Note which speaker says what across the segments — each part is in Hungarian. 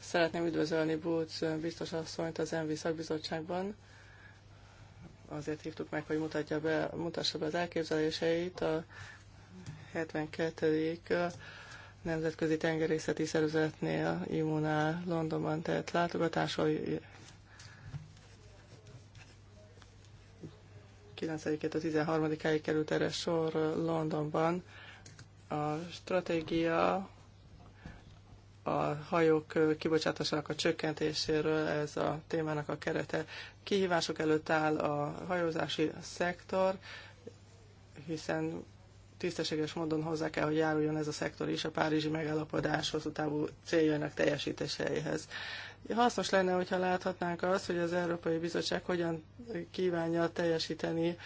Speaker 1: Szeretném üdvözölni Bulc biztos asszonyt az ENVI szakbizottságban. Azért hívtuk meg, hogy mutatja be, mutassa be az elképzeléseit a 72. Nemzetközi Tengerészeti Szervezetnél, Imunál Londonban tett látogatásról 9-től 13 ig került erre sor Londonban. A stratégia a hajók kibocsátásának a csökkentéséről, ez a témának a kerete. Kihívások előtt áll a hajózási szektor, hiszen tisztességes módon hozzá kell, hogy járuljon ez a szektor is a Párizsi megállapodás hosszú távú céljainak teljesítéseihez. Hasznos lenne, hogyha láthatnánk azt, hogy az Európai Bizottság hogyan kívánja teljesíteni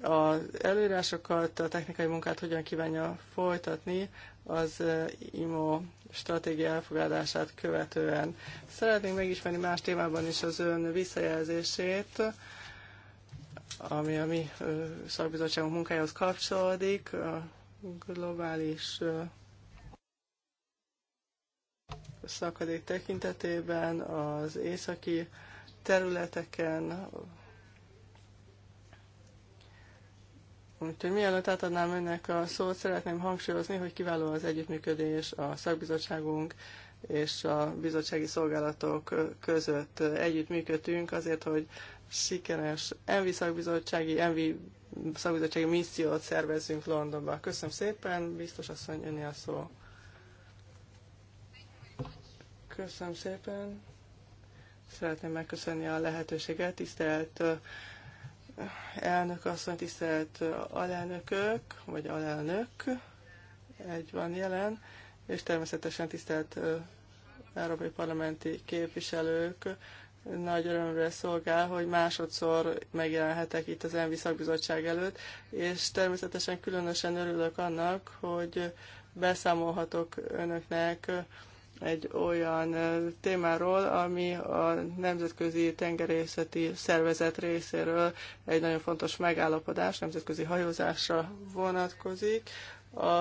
Speaker 1: az előírásokat, a technikai munkát hogyan kívánja folytatni az IMO stratégia elfogadását követően. Szeretnénk megismerni más témában is az ön visszajelzését, ami a mi szakbizottságunk munkájához kapcsolódik, a globális szakadék tekintetében, az északi területeken, Úgyhogy mielőtt átadnám önnek a szót, szeretném hangsúlyozni, hogy kiváló az együttműködés a szakbizottságunk és a bizottsági szolgálatok között együttműködtünk azért, hogy sikeres Envi szakbizottsági, Envi szakbizottsági missziót szervezzünk londonban. Köszönöm szépen, biztos asszony, önni a szó. Köszönöm szépen. Szeretném megköszönni a lehetőséget, tisztelt elnök asszony, tisztelt alelnökök, vagy alelnök, egy van jelen, és természetesen tisztelt európai parlamenti képviselők, nagy örömre szolgál, hogy másodszor megjelenhetek itt az ENVI szakbizottság előtt, és természetesen különösen örülök annak, hogy beszámolhatok önöknek egy olyan témáról, ami a Nemzetközi Tengerészeti Szervezet részéről egy nagyon fontos megállapodás, nemzetközi hajózásra vonatkozik. A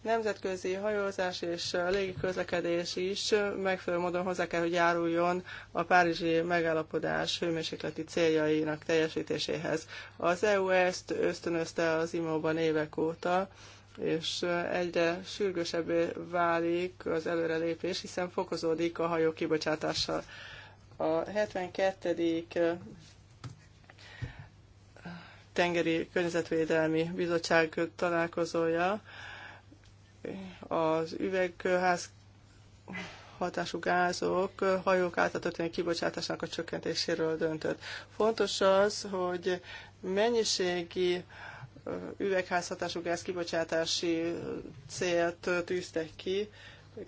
Speaker 1: nemzetközi hajózás és légiközlekedés is megfelelő módon hozzá kell, hogy járuljon a Párizsi megállapodás hőmérsékleti céljainak teljesítéséhez. Az EU ezt ösztönözte az imóban évek óta, és egyre sürgősebbé válik az előrelépés, hiszen fokozódik a hajó kibocsátása. A 72. Eh, tengeri Környezetvédelmi Bizottság találkozója az üvegház hatású gázok hajók által történő kibocsátásának a csökkentéséről döntött. Fontos az, hogy mennyiségi üvegházhatású gáz kibocsátási célt tűztek ki.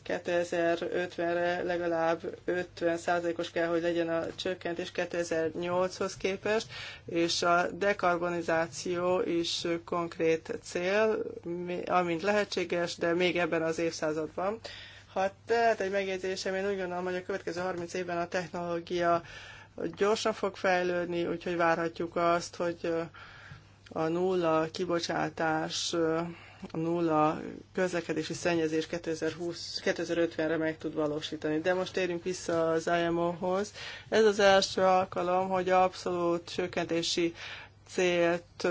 Speaker 1: 2050-re legalább 50%-os kell, hogy legyen a csökkentés 2008-hoz képest, és a dekarbonizáció is konkrét cél, amint lehetséges, de még ebben az évszázadban. Ha tehát egy megjegyzésem, én úgy gondolom, hogy a következő 30 évben a technológia gyorsan fog fejlődni, úgyhogy várhatjuk azt, hogy a nulla kibocsátás, a nulla közlekedési szennyezés 2020, 2050-re meg tud valósítani. De most térjünk vissza az IMO-hoz. Ez az első alkalom, hogy abszolút csökkentési célt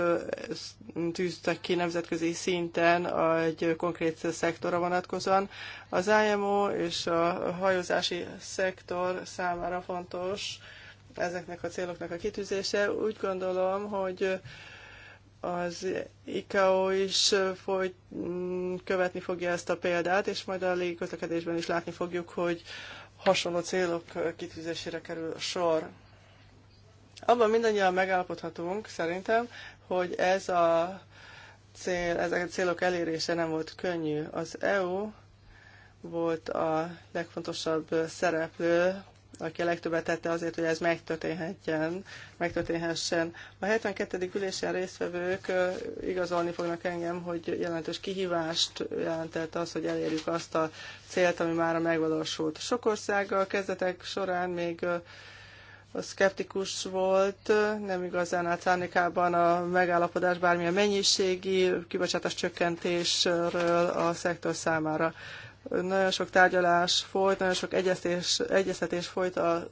Speaker 1: tűztek ki nemzetközi szinten egy konkrét szektorra vonatkozóan. Az IMO és a hajózási szektor számára fontos ezeknek a céloknak a kitűzése. Úgy gondolom, hogy az ICAO is foly, mm, követni fogja ezt a példát, és majd a légiközlekedésben is látni fogjuk, hogy hasonló célok kitűzésére kerül sor. Abban mindannyian megállapodhatunk szerintem, hogy ez a cél, ezek a célok elérése nem volt könnyű. Az EU volt a legfontosabb szereplő aki a legtöbbet tette azért, hogy ez megtörténhetjen, megtörténhessen. A 72. ülésen résztvevők igazolni fognak engem, hogy jelentős kihívást jelentett az, hogy elérjük azt a célt, ami már megvalósult. Sok ország a kezdetek során még szkeptikus volt, nem igazán állt a megállapodás bármilyen mennyiségi kibocsátás csökkentésről a szektor számára. Nagyon sok tárgyalás folyt, nagyon sok egyeztés, egyeztetés folyt a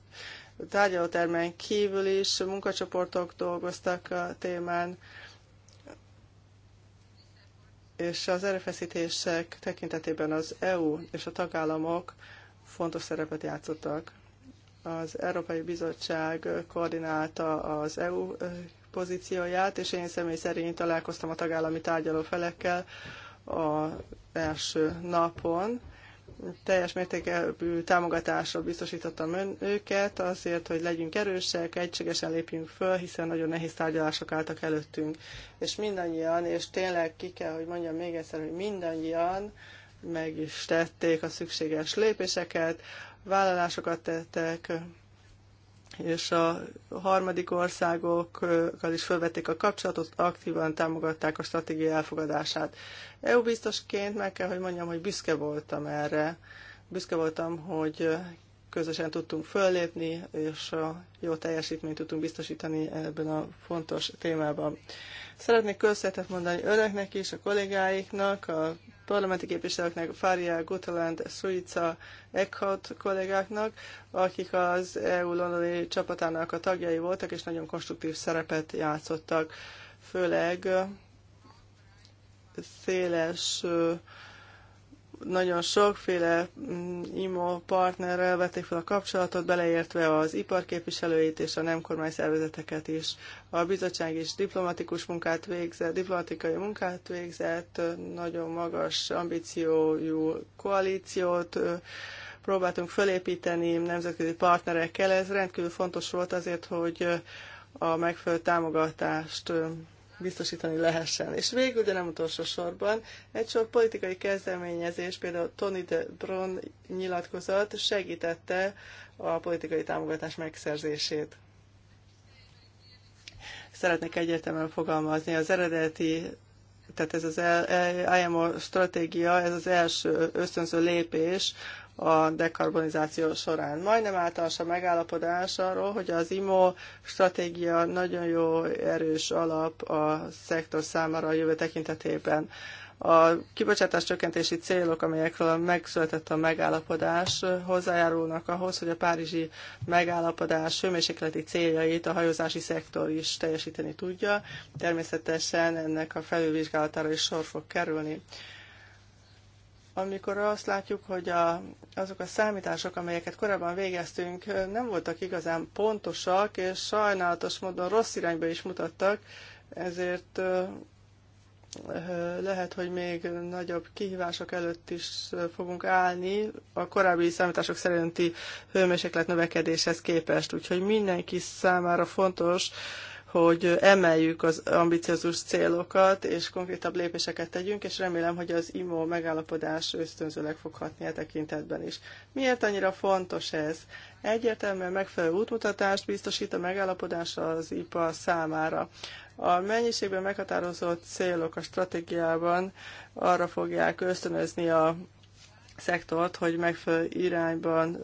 Speaker 1: tárgyalótermen kívül is, munkacsoportok dolgoztak a témán, és az erőfeszítések tekintetében az EU és a tagállamok fontos szerepet játszottak. Az Európai Bizottság koordinálta az EU pozícióját, és én személy szerint találkoztam a tagállami tárgyaló felekkel, a első napon. Teljes mértékű támogatásra biztosítottam ön, őket azért, hogy legyünk erősek, egységesen lépjünk föl, hiszen nagyon nehéz tárgyalások álltak előttünk. És mindannyian, és tényleg ki kell, hogy mondjam még egyszer, hogy mindannyian meg is tették a szükséges lépéseket, vállalásokat tettek, és a harmadik országokkal is felvették a kapcsolatot, aktívan támogatták a stratégia elfogadását. EU biztosként meg kell, hogy mondjam, hogy büszke voltam erre. Büszke voltam, hogy közösen tudtunk föllépni, és a jó teljesítményt tudtunk biztosítani ebben a fontos témában. Szeretnék köszönetet mondani önöknek is, a kollégáiknak, a parlamenti képviselőknek, Fária, Gutaland, Suica, Eckhout kollégáknak, akik az EU londoni csapatának a tagjai voltak, és nagyon konstruktív szerepet játszottak, főleg széles nagyon sokféle mm, IMO partnerrel vették fel a kapcsolatot, beleértve az iparképviselőit és a nem kormány szervezeteket is. A bizottság is diplomatikus munkát végzett, diplomatikai munkát végzett, nagyon magas ambíciójú koalíciót próbáltunk fölépíteni nemzetközi partnerekkel. Ez rendkívül fontos volt azért, hogy a megfelelő támogatást biztosítani lehessen. És végül, de nem utolsó sorban, egy sor politikai kezdeményezés, például Tony de Bron nyilatkozat segítette a politikai támogatás megszerzését. Szeretnék egyértelműen fogalmazni. Az eredeti tehát ez az IMO stratégia, ez az első ösztönző lépés a dekarbonizáció során. Majdnem általános a megállapodás arról, hogy az IMO stratégia nagyon jó, erős alap a szektor számára a jövő tekintetében. A kibocsátás csökkentési célok, amelyekről megszületett a megállapodás, hozzájárulnak ahhoz, hogy a párizsi megállapodás hőmérsékleti céljait a hajózási szektor is teljesíteni tudja. Természetesen ennek a felülvizsgálatára is sor fog kerülni amikor azt látjuk, hogy a, azok a számítások, amelyeket korábban végeztünk, nem voltak igazán pontosak, és sajnálatos módon rossz irányba is mutattak, ezért lehet, hogy még nagyobb kihívások előtt is fogunk állni a korábbi számítások szerinti hőmérséklet növekedéshez képest. Úgyhogy mindenki számára fontos hogy emeljük az ambiciózus célokat, és konkrétabb lépéseket tegyünk, és remélem, hogy az IMO megállapodás ösztönzőleg fog hatni a e tekintetben is. Miért annyira fontos ez? Egyértelműen megfelelő útmutatást biztosít a megállapodás az IPA számára. A mennyiségben meghatározott célok a stratégiában arra fogják ösztönözni a szektort, hogy megfelelő irányban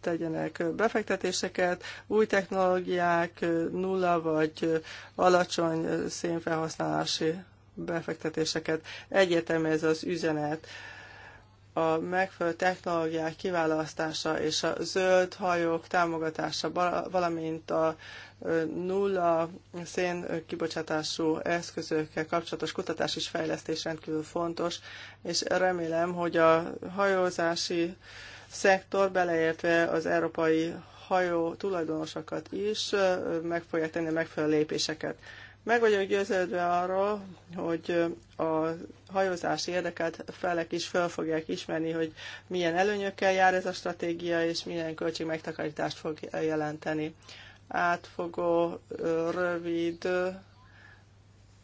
Speaker 1: tegyenek befektetéseket, új technológiák, nulla vagy alacsony szénfelhasználási befektetéseket. Egyetem ez az üzenet. A megfelelő technológiák kiválasztása és a zöld hajók támogatása, valamint a nulla szén kibocsátású eszközökkel kapcsolatos kutatás és fejlesztés rendkívül fontos, és remélem, hogy a hajózási szektor, beleértve az európai hajó tulajdonosokat is meg fogják tenni megfelelő lépéseket. Meg vagyok győződve arról, hogy a hajózás érdeket felek is fel fogják ismerni, hogy milyen előnyökkel jár ez a stratégia, és milyen költségmegtakarítást fog jelenteni. Átfogó, rövid,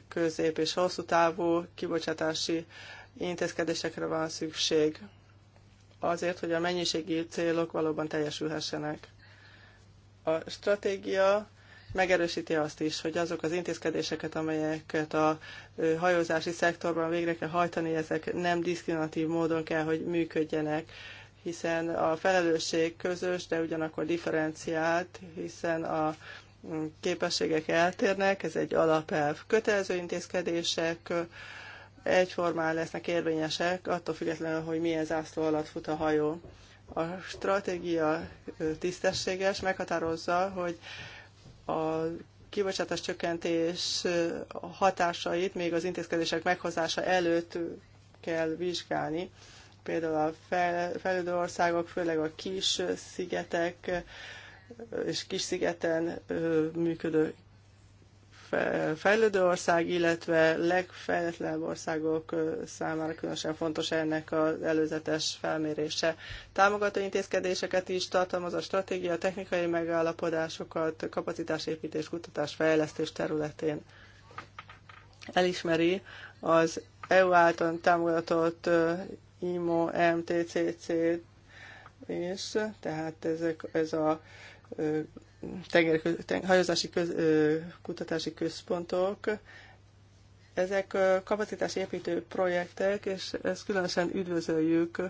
Speaker 1: közép és hosszú távú kibocsátási intézkedésekre van szükség azért, hogy a mennyiségi célok valóban teljesülhessenek. A stratégia megerősíti azt is, hogy azok az intézkedéseket, amelyeket a hajózási szektorban végre kell hajtani, ezek nem diszkriminatív módon kell, hogy működjenek, hiszen a felelősség közös, de ugyanakkor differenciált, hiszen a mm, képességek eltérnek, ez egy alapelv. Kötelező intézkedések, egyformán lesznek érvényesek, attól függetlenül, hogy milyen zászló alatt fut a hajó. A stratégia tisztességes, meghatározza, hogy a kibocsátás csökkentés hatásait még az intézkedések meghozása előtt kell vizsgálni. Például a fejlődő országok, főleg a kis szigetek és kis szigeten működő fejlődő ország, illetve legfejletlenebb országok számára különösen fontos ennek az előzetes felmérése. Támogató intézkedéseket is tartalmaz a stratégia, technikai megállapodásokat, kapacitásépítés, kutatás, fejlesztés területén. Elismeri az EU által támogatott IMO, MTCC és tehát ezek, ez a tenger, hajózási köz, kutatási központok, ezek kapacitási építő projektek, és ezt különösen üdvözöljük.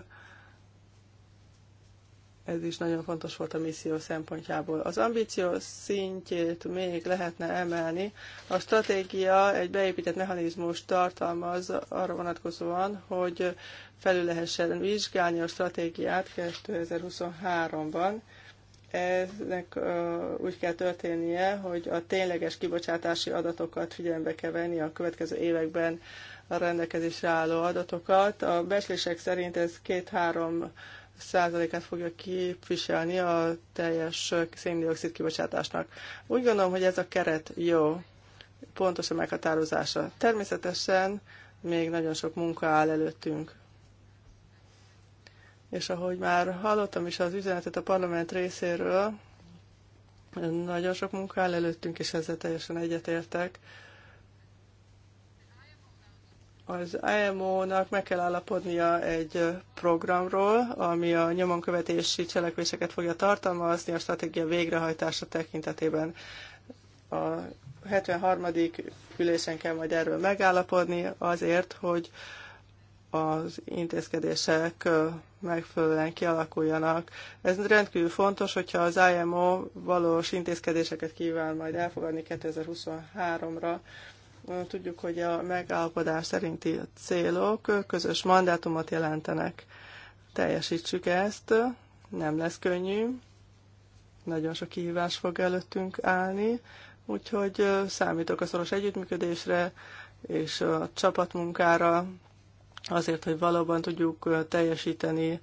Speaker 1: Ez is nagyon fontos volt a misszió szempontjából. Az ambíció szintjét még lehetne emelni. A stratégia egy beépített mechanizmus tartalmaz arra vonatkozóan, hogy felül lehessen vizsgálni a stratégiát 2023-ban, Eznek uh, úgy kell történnie, hogy a tényleges kibocsátási adatokat figyelembe kell venni a következő években a rendelkezésre álló adatokat. A beslések szerint ez 2-3 százalékát fogja képviselni a teljes széndiokszid kibocsátásnak. Úgy gondolom, hogy ez a keret jó, pontos a meghatározása. Természetesen még nagyon sok munka áll előttünk és ahogy már hallottam is az üzenetet a parlament részéről, nagyon sok munka áll előttünk, és ezzel teljesen egyetértek. Az IMO-nak meg kell állapodnia egy programról, ami a nyomonkövetési cselekvéseket fogja tartalmazni a stratégia végrehajtása tekintetében. A 73. ülésen kell majd erről megállapodni azért, hogy az intézkedések megfelelően kialakuljanak. Ez rendkívül fontos, hogyha az IMO valós intézkedéseket kíván majd elfogadni 2023-ra. Tudjuk, hogy a megállapodás szerinti célok közös mandátumot jelentenek. Teljesítsük ezt, nem lesz könnyű, nagyon sok kihívás fog előttünk állni, úgyhogy számítok a szoros együttműködésre és a csapatmunkára, azért, hogy valóban tudjuk teljesíteni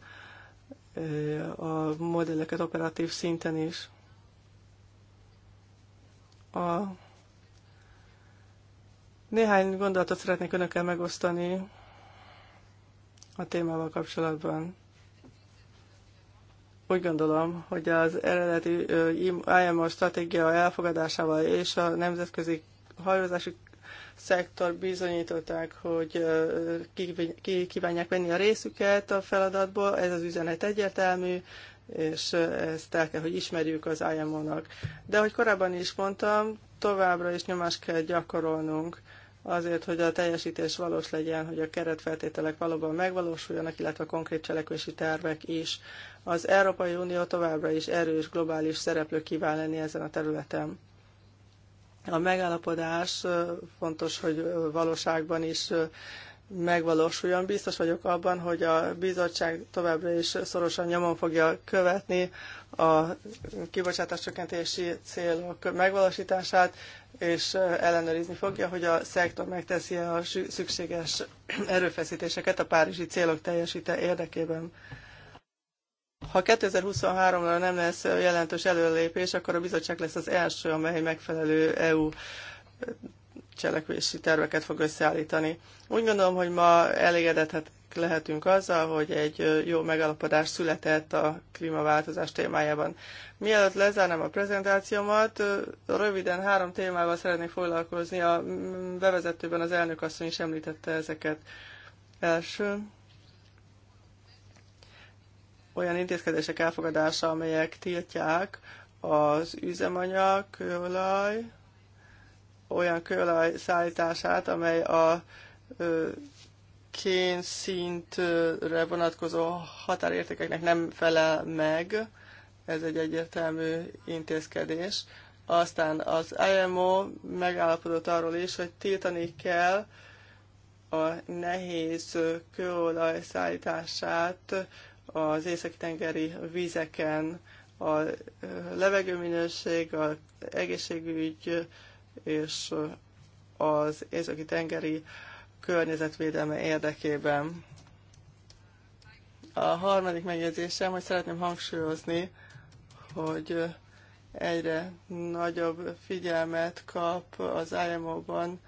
Speaker 1: a modelleket operatív szinten is. A néhány gondolatot szeretnék önökkel megosztani a témával kapcsolatban. Úgy gondolom, hogy az eredeti IMO stratégia elfogadásával és a nemzetközi hajózási szektor bizonyították, hogy ki kívánják venni a részüket a feladatból. Ez az üzenet egyértelmű, és ezt el kell, hogy ismerjük az IMO-nak. De ahogy korábban is mondtam, továbbra is nyomást kell gyakorolnunk azért, hogy a teljesítés valós legyen, hogy a keretfeltételek valóban megvalósuljanak, illetve a konkrét cselekvési tervek is. Az Európai Unió továbbra is erős globális szereplő kíván lenni ezen a területen. A megállapodás fontos, hogy valóságban is megvalósuljon. Biztos vagyok abban, hogy a bizottság továbbra is szorosan nyomon fogja követni a kibocsátáscsökkentési célok megvalósítását, és ellenőrizni fogja, hogy a szektor megteszi a szükséges erőfeszítéseket a párizsi célok teljesíte érdekében. Ha 2023-ra nem lesz jelentős előlépés, akkor a bizottság lesz az első, amely megfelelő EU cselekvési terveket fog összeállítani. Úgy gondolom, hogy ma elégedethet lehetünk azzal, hogy egy jó megalapodás született a klímaváltozás témájában. Mielőtt lezárnám a prezentációmat, röviden három témával szeretnék foglalkozni. A bevezetőben az elnök asszony is említette ezeket. Első, olyan intézkedések elfogadása, amelyek tiltják az üzemanyag, kőolaj, olyan kőolaj szállítását, amely a kénszintre vonatkozó határértékeknek nem felel meg. Ez egy egyértelmű intézkedés. Aztán az IMO megállapodott arról is, hogy tiltani kell a nehéz kőolaj szállítását az északi-tengeri vízeken a levegőminőség, az egészségügy és az északi-tengeri környezetvédelme érdekében. A harmadik megjegyzésem, hogy szeretném hangsúlyozni, hogy egyre nagyobb figyelmet kap az IMO-ban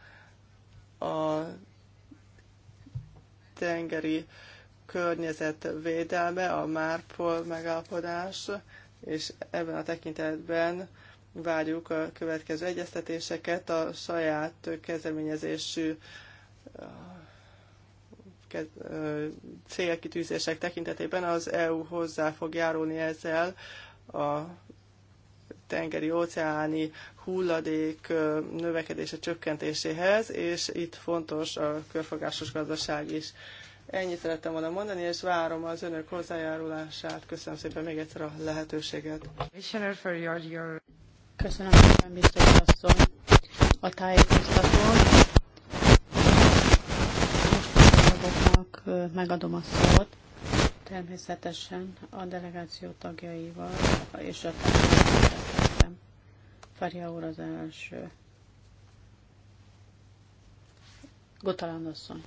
Speaker 1: a tengeri környezetvédelme, a Márpol megállapodás, és ebben a tekintetben várjuk a következő egyeztetéseket a saját kezdeményezésű uh, uh, célkitűzések tekintetében az EU hozzá fog járulni ezzel a tengeri óceáni hulladék uh, növekedése csökkentéséhez, és itt fontos a körfogásos gazdaság is. Ennyit szerettem volna mondani, és várom az önök hozzájárulását. Köszönöm szépen még egyszer a
Speaker 2: lehetőséget. Köszönöm szépen, biztos asszony, a tájékoztatót. Most a megadom a szót. Természetesen a delegáció tagjaival és a társadalmat Farja úr az első. Gotalán asszony.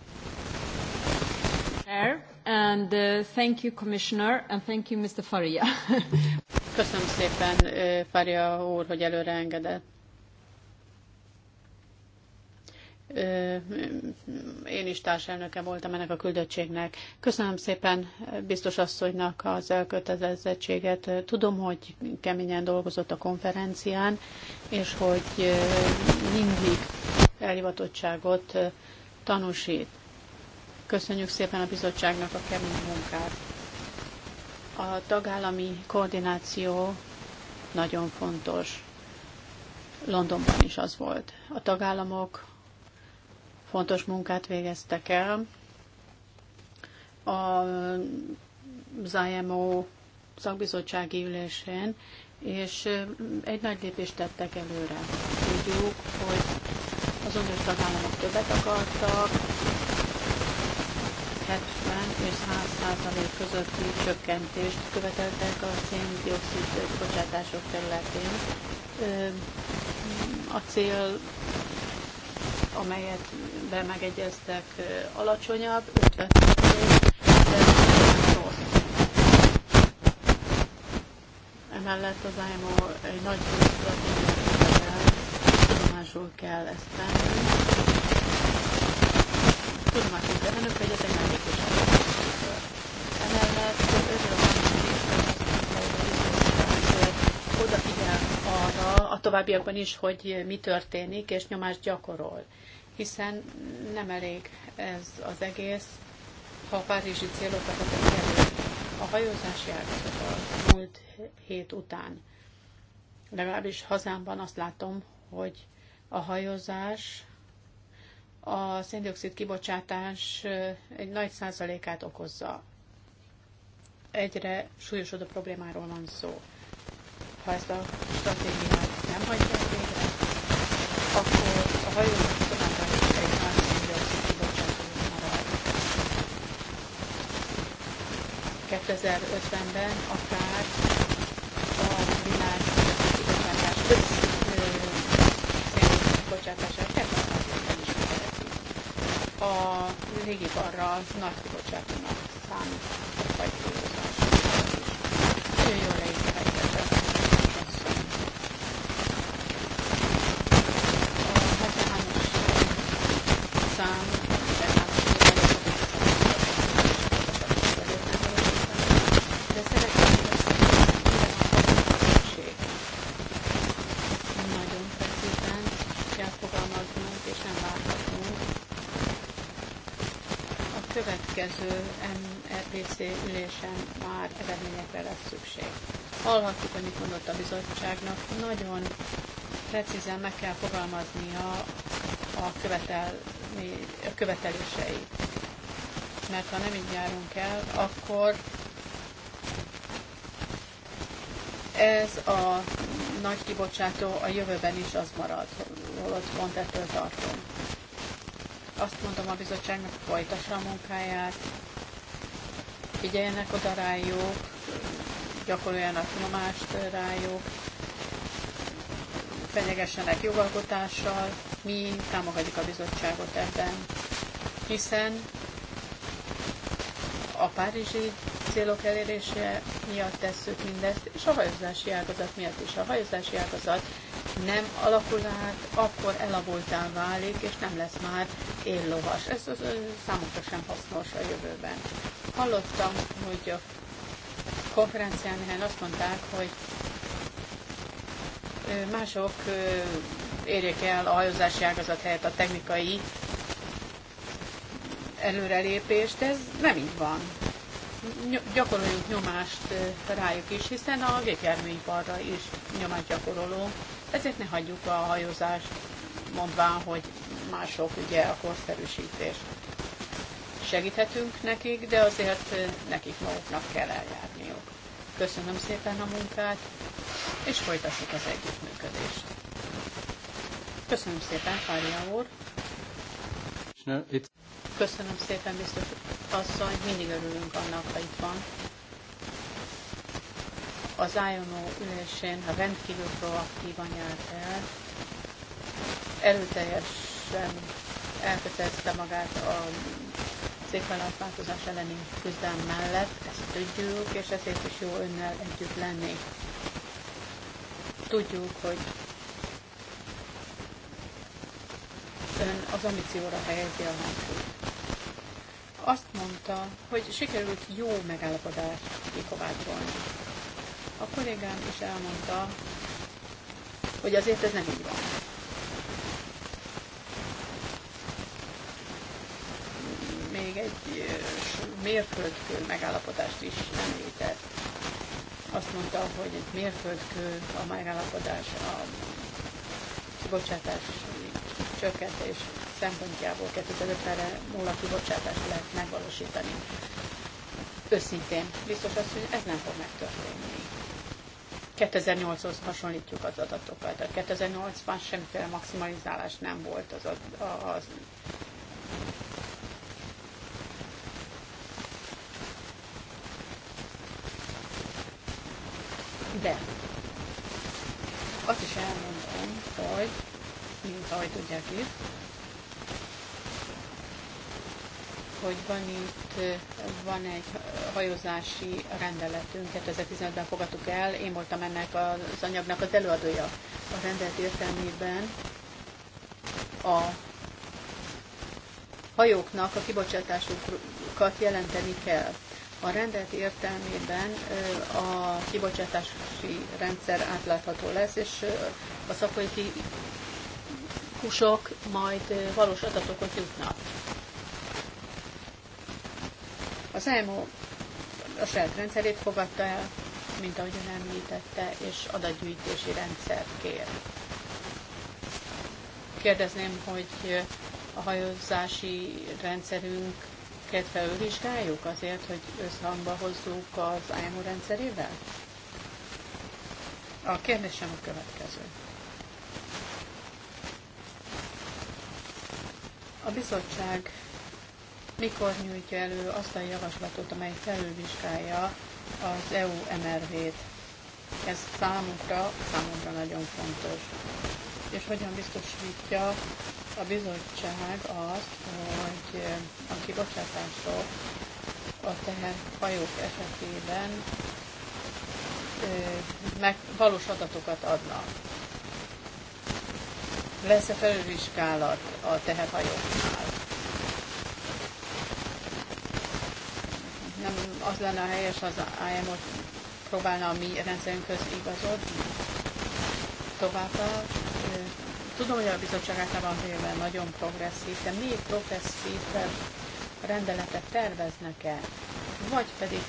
Speaker 2: Chair, and uh, thank you, Commissioner, and thank you, Mr. Faria. Köszönöm szépen, uh, Faria úr, hogy előre engedett. Uh, én is társelnöke voltam ennek a küldöttségnek. Köszönöm szépen uh, biztos asszonynak az elkötelezettséget. Tudom, hogy keményen dolgozott a konferencián, és hogy mindig elhivatottságot tanúsít. Köszönjük szépen a bizottságnak a kemény munkát. A tagállami koordináció nagyon fontos. Londonban is az volt. A tagállamok fontos munkát végeztek el. A az IMO szakbizottsági ülésén, és mm, egy nagy lépést tettek előre. Tudjuk, hogy az uniós tagállamok többet akartak, 70 és 100 százalék közötti csökkentést követeltek a széndiokszid bocsátások területén. A cél, amelyet be megegyeztek, alacsonyabb, 50 százalék, de nem rossz. Emellett az IMO egy nagy stratégiát követel, tudomásul kell ezt tenni tudomásul kell vennünk, hogy ezek mellékesek. Emellett örülök annak is, hogy a bizottság odafigyel arra a továbbiakban is, hogy mi történik, és nyomást gyakorol. Hiszen nem elég ez az egész, ha a párizsi célokat akarjuk elérni. A hajózási ágazat a múlt hét után. Legalábbis hazámban azt látom, hogy a hajózás a széndiokszid kibocsátás egy nagy százalékát okozza. Egyre súlyosodó problémáról van szó. Ha ezt a stratégiát nem hagyják végre, akkor a hajózás továbbá is egy nagy széndiokszid kibocsátó marad. 2050-ben akár a régibarra nagy kibocsátónak számít. következő MRPC ülésen már eredményekre lesz szükség. Hallhattuk, amit mondott a bizottságnak, nagyon precízen meg kell fogalmaznia a, követelni, a követeléseit. Mert ha nem így járunk el, akkor ez a nagy kibocsátó a jövőben is az marad, holott pont ettől tartunk azt mondom a bizottságnak, folytassa a munkáját, figyeljenek oda rájuk, gyakoroljanak nyomást rájuk, fenyegessenek jogalkotással, mi támogatjuk a bizottságot ebben, hiszen a párizsi célok elérése miatt tesszük mindezt, és a hajózási ágazat miatt is. A hajózási ágazat nem alakul át, akkor elavultá válik, és nem lesz már éllovas. Ez az, számunkra sem hasznos a jövőben. Hallottam, hogy a konferencián helyen azt mondták, hogy mások érjék el a hajózási ágazat helyett a technikai előrelépést, ez nem így van. Gyakoroljuk nyomást rájuk is, hiszen a gépjárműiparra is nyomást gyakorolunk, ezért ne hagyjuk a hajózást, mondván, hogy mások ugye a korszerűsítés segíthetünk nekik, de azért nekik maguknak kell eljárniuk. Köszönöm szépen a munkát, és folytassuk az együttműködést. Köszönöm szépen, Fária úr! Köszönöm szépen, biztos asszony, mindig örülünk annak, ha itt van az Ájonó ülésén rendkívül proaktívan járt el, erőteljesen elkötelezte magát a változás elleni küzdelm mellett, ezt tudjuk, és ezért is jó önnel együtt lenni. Tudjuk, hogy ön az ambícióra helyezi a hangsúlyt. Azt mondta, hogy sikerült jó megállapodást kikovácsolni. A kollégám is elmondta, hogy azért ez nem így van. Még egy mérföldkő megállapodást is említett. Azt mondta, hogy egy mérföldkő a megállapodás a kibocsátás csökkentés szempontjából 2050-re múlva kibocsátást lehet megvalósítani. Őszintén biztos az, hogy ez nem fog megtörténni. 2008-hoz hasonlítjuk az adatokat. A 2008-ban semmiféle maximalizálás nem volt az, az, az De azt is elmondom, hogy mint ahogy tudják itt, hogy van itt van egy hajózási rendeletünket 2015-ben fogadtuk el, én voltam ennek az anyagnak az előadója. A rendelet értelmében a hajóknak a kibocsátásukat jelenteni kell. A rendelet értelmében a kibocsátási rendszer átlátható lesz, és a kusok majd valós adatokat jutnak. Az EMO a saját rendszerét fogadta el, mint ahogy ön említette, és adatgyűjtési rendszert kér. Kérdezném, hogy a hajózási rendszerünk rendszerünket felülvizsgáljuk azért, hogy összhangba hozzuk az IMO rendszerével? A kérdésem a következő. A bizottság mikor nyújtja elő azt a javaslatot, amely felülvizsgálja az EU MRV-t. Ez számunkra, számunkra nagyon fontos. És hogyan biztosítja a bizottság azt, hogy a kibocsátások a teherhajók esetében meg valós adatokat adnak. Lesz-e felülvizsgálat a teherhajóknál? nem az lenne a helyes, az IMO-t próbálna a mi rendszerünkhöz igazodni továbbá. Tudom, hogy a bizottság általában véve nagyon progresszív, de még progresszívebb rendeletet terveznek-e? Vagy pedig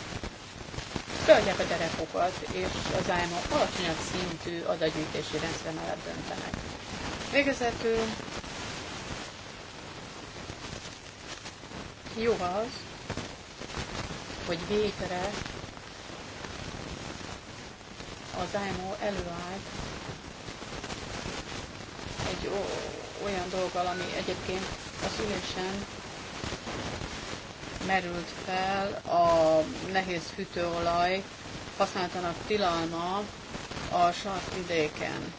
Speaker 2: töltják a derekokat, és az IMO alacsonyabb szintű adagyűjtési rendszer mellett döntenek. Végezetül jó az, hogy végre az IMO előállt egy olyan dolgal, ami egyébként az ülésen merült fel a nehéz fűtőolaj használtanak tilalma a sarkvidéken.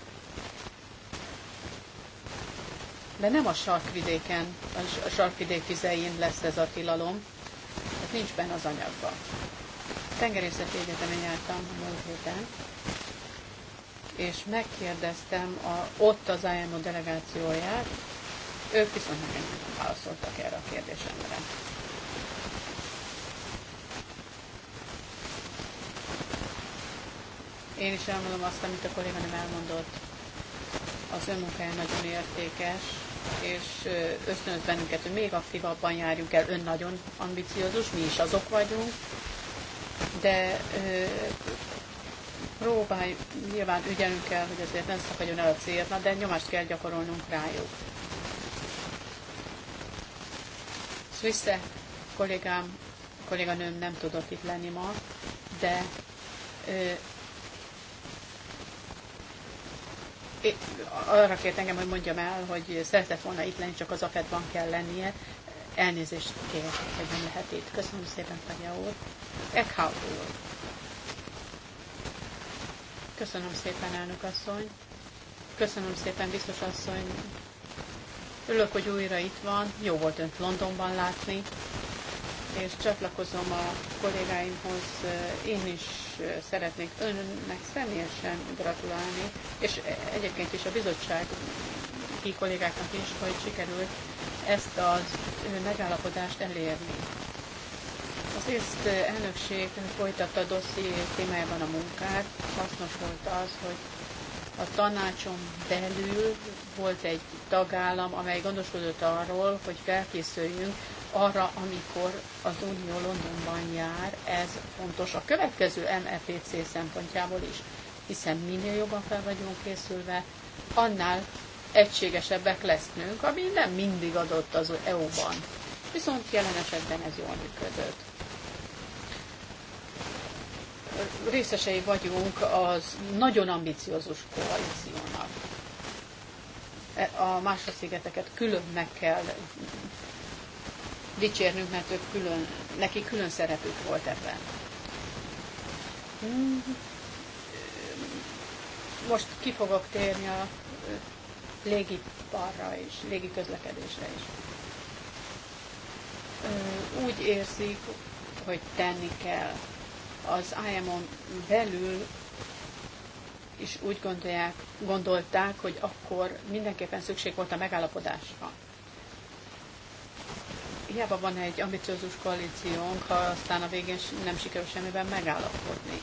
Speaker 2: De nem a sarkvidéken, a sarkvidék vizein lesz ez a tilalom, csak nincs benne az anyagban. Tengerészeti Egyetemen jártam múlt héten, és megkérdeztem a, ott az IMO delegációját, ők viszont nekem nem válaszoltak erre a kérdésemre. Én is elmondom azt, amit a kolléganőm elmondott az önmunkája nagyon értékes, és ösztönöz bennünket, hogy még aktívabban járjunk el. Ön nagyon ambiciózus, mi is azok vagyunk, de próbálj, nyilván ügyelünk kell, hogy azért nem szakadjon el a célna, de nyomást kell gyakorolnunk rájuk. Swisse kollégám, kolléganőm nem tudott itt lenni ma, de arra kért engem, hogy mondjam el, hogy szeretett volna itt lenni, csak az afedban kell lennie. Elnézést kér, hogy nem lehet itt. Köszönöm szépen, Tanya úr. Eckhout úr. Köszönöm szépen, elnök asszony. Köszönöm szépen, biztos asszony. Örülök, hogy újra itt van. Jó volt önt Londonban látni és csatlakozom a kollégáimhoz, eh, én is eh, szeretnék önnek személyesen gratulálni, és egyébként is a bizottság kollégáknak is, hogy sikerült ezt az eh, megállapodást elérni. Az észt elnökség folytatta a dosszié témájában a munkát. Hasznos volt az, hogy a tanácson belül volt egy tagállam, amely gondoskodott arról, hogy felkészüljünk arra, amikor az Unió Londonban jár, ez fontos a következő MFC e szempontjából is, hiszen minél jobban fel vagyunk készülve, annál egységesebbek leszünk, ami nem mindig adott az EU-ban. Viszont jelen esetben ez jól működött. Részesei vagyunk az nagyon ambiciózus koalíciónak. E, a másra szigeteket külön meg kell dicsérnünk, mert ők külön, neki külön szerepük volt ebben. Most ki fogok térni a légiparra légi légiközlekedésre is. Úgy érzik, hogy tenni kell. Az imo belül is úgy gondolják, gondolták, hogy akkor mindenképpen szükség volt a megállapodásra hiába van egy ambiciózus koalíciónk, ha aztán a végén nem sikerül semmiben megállapodni.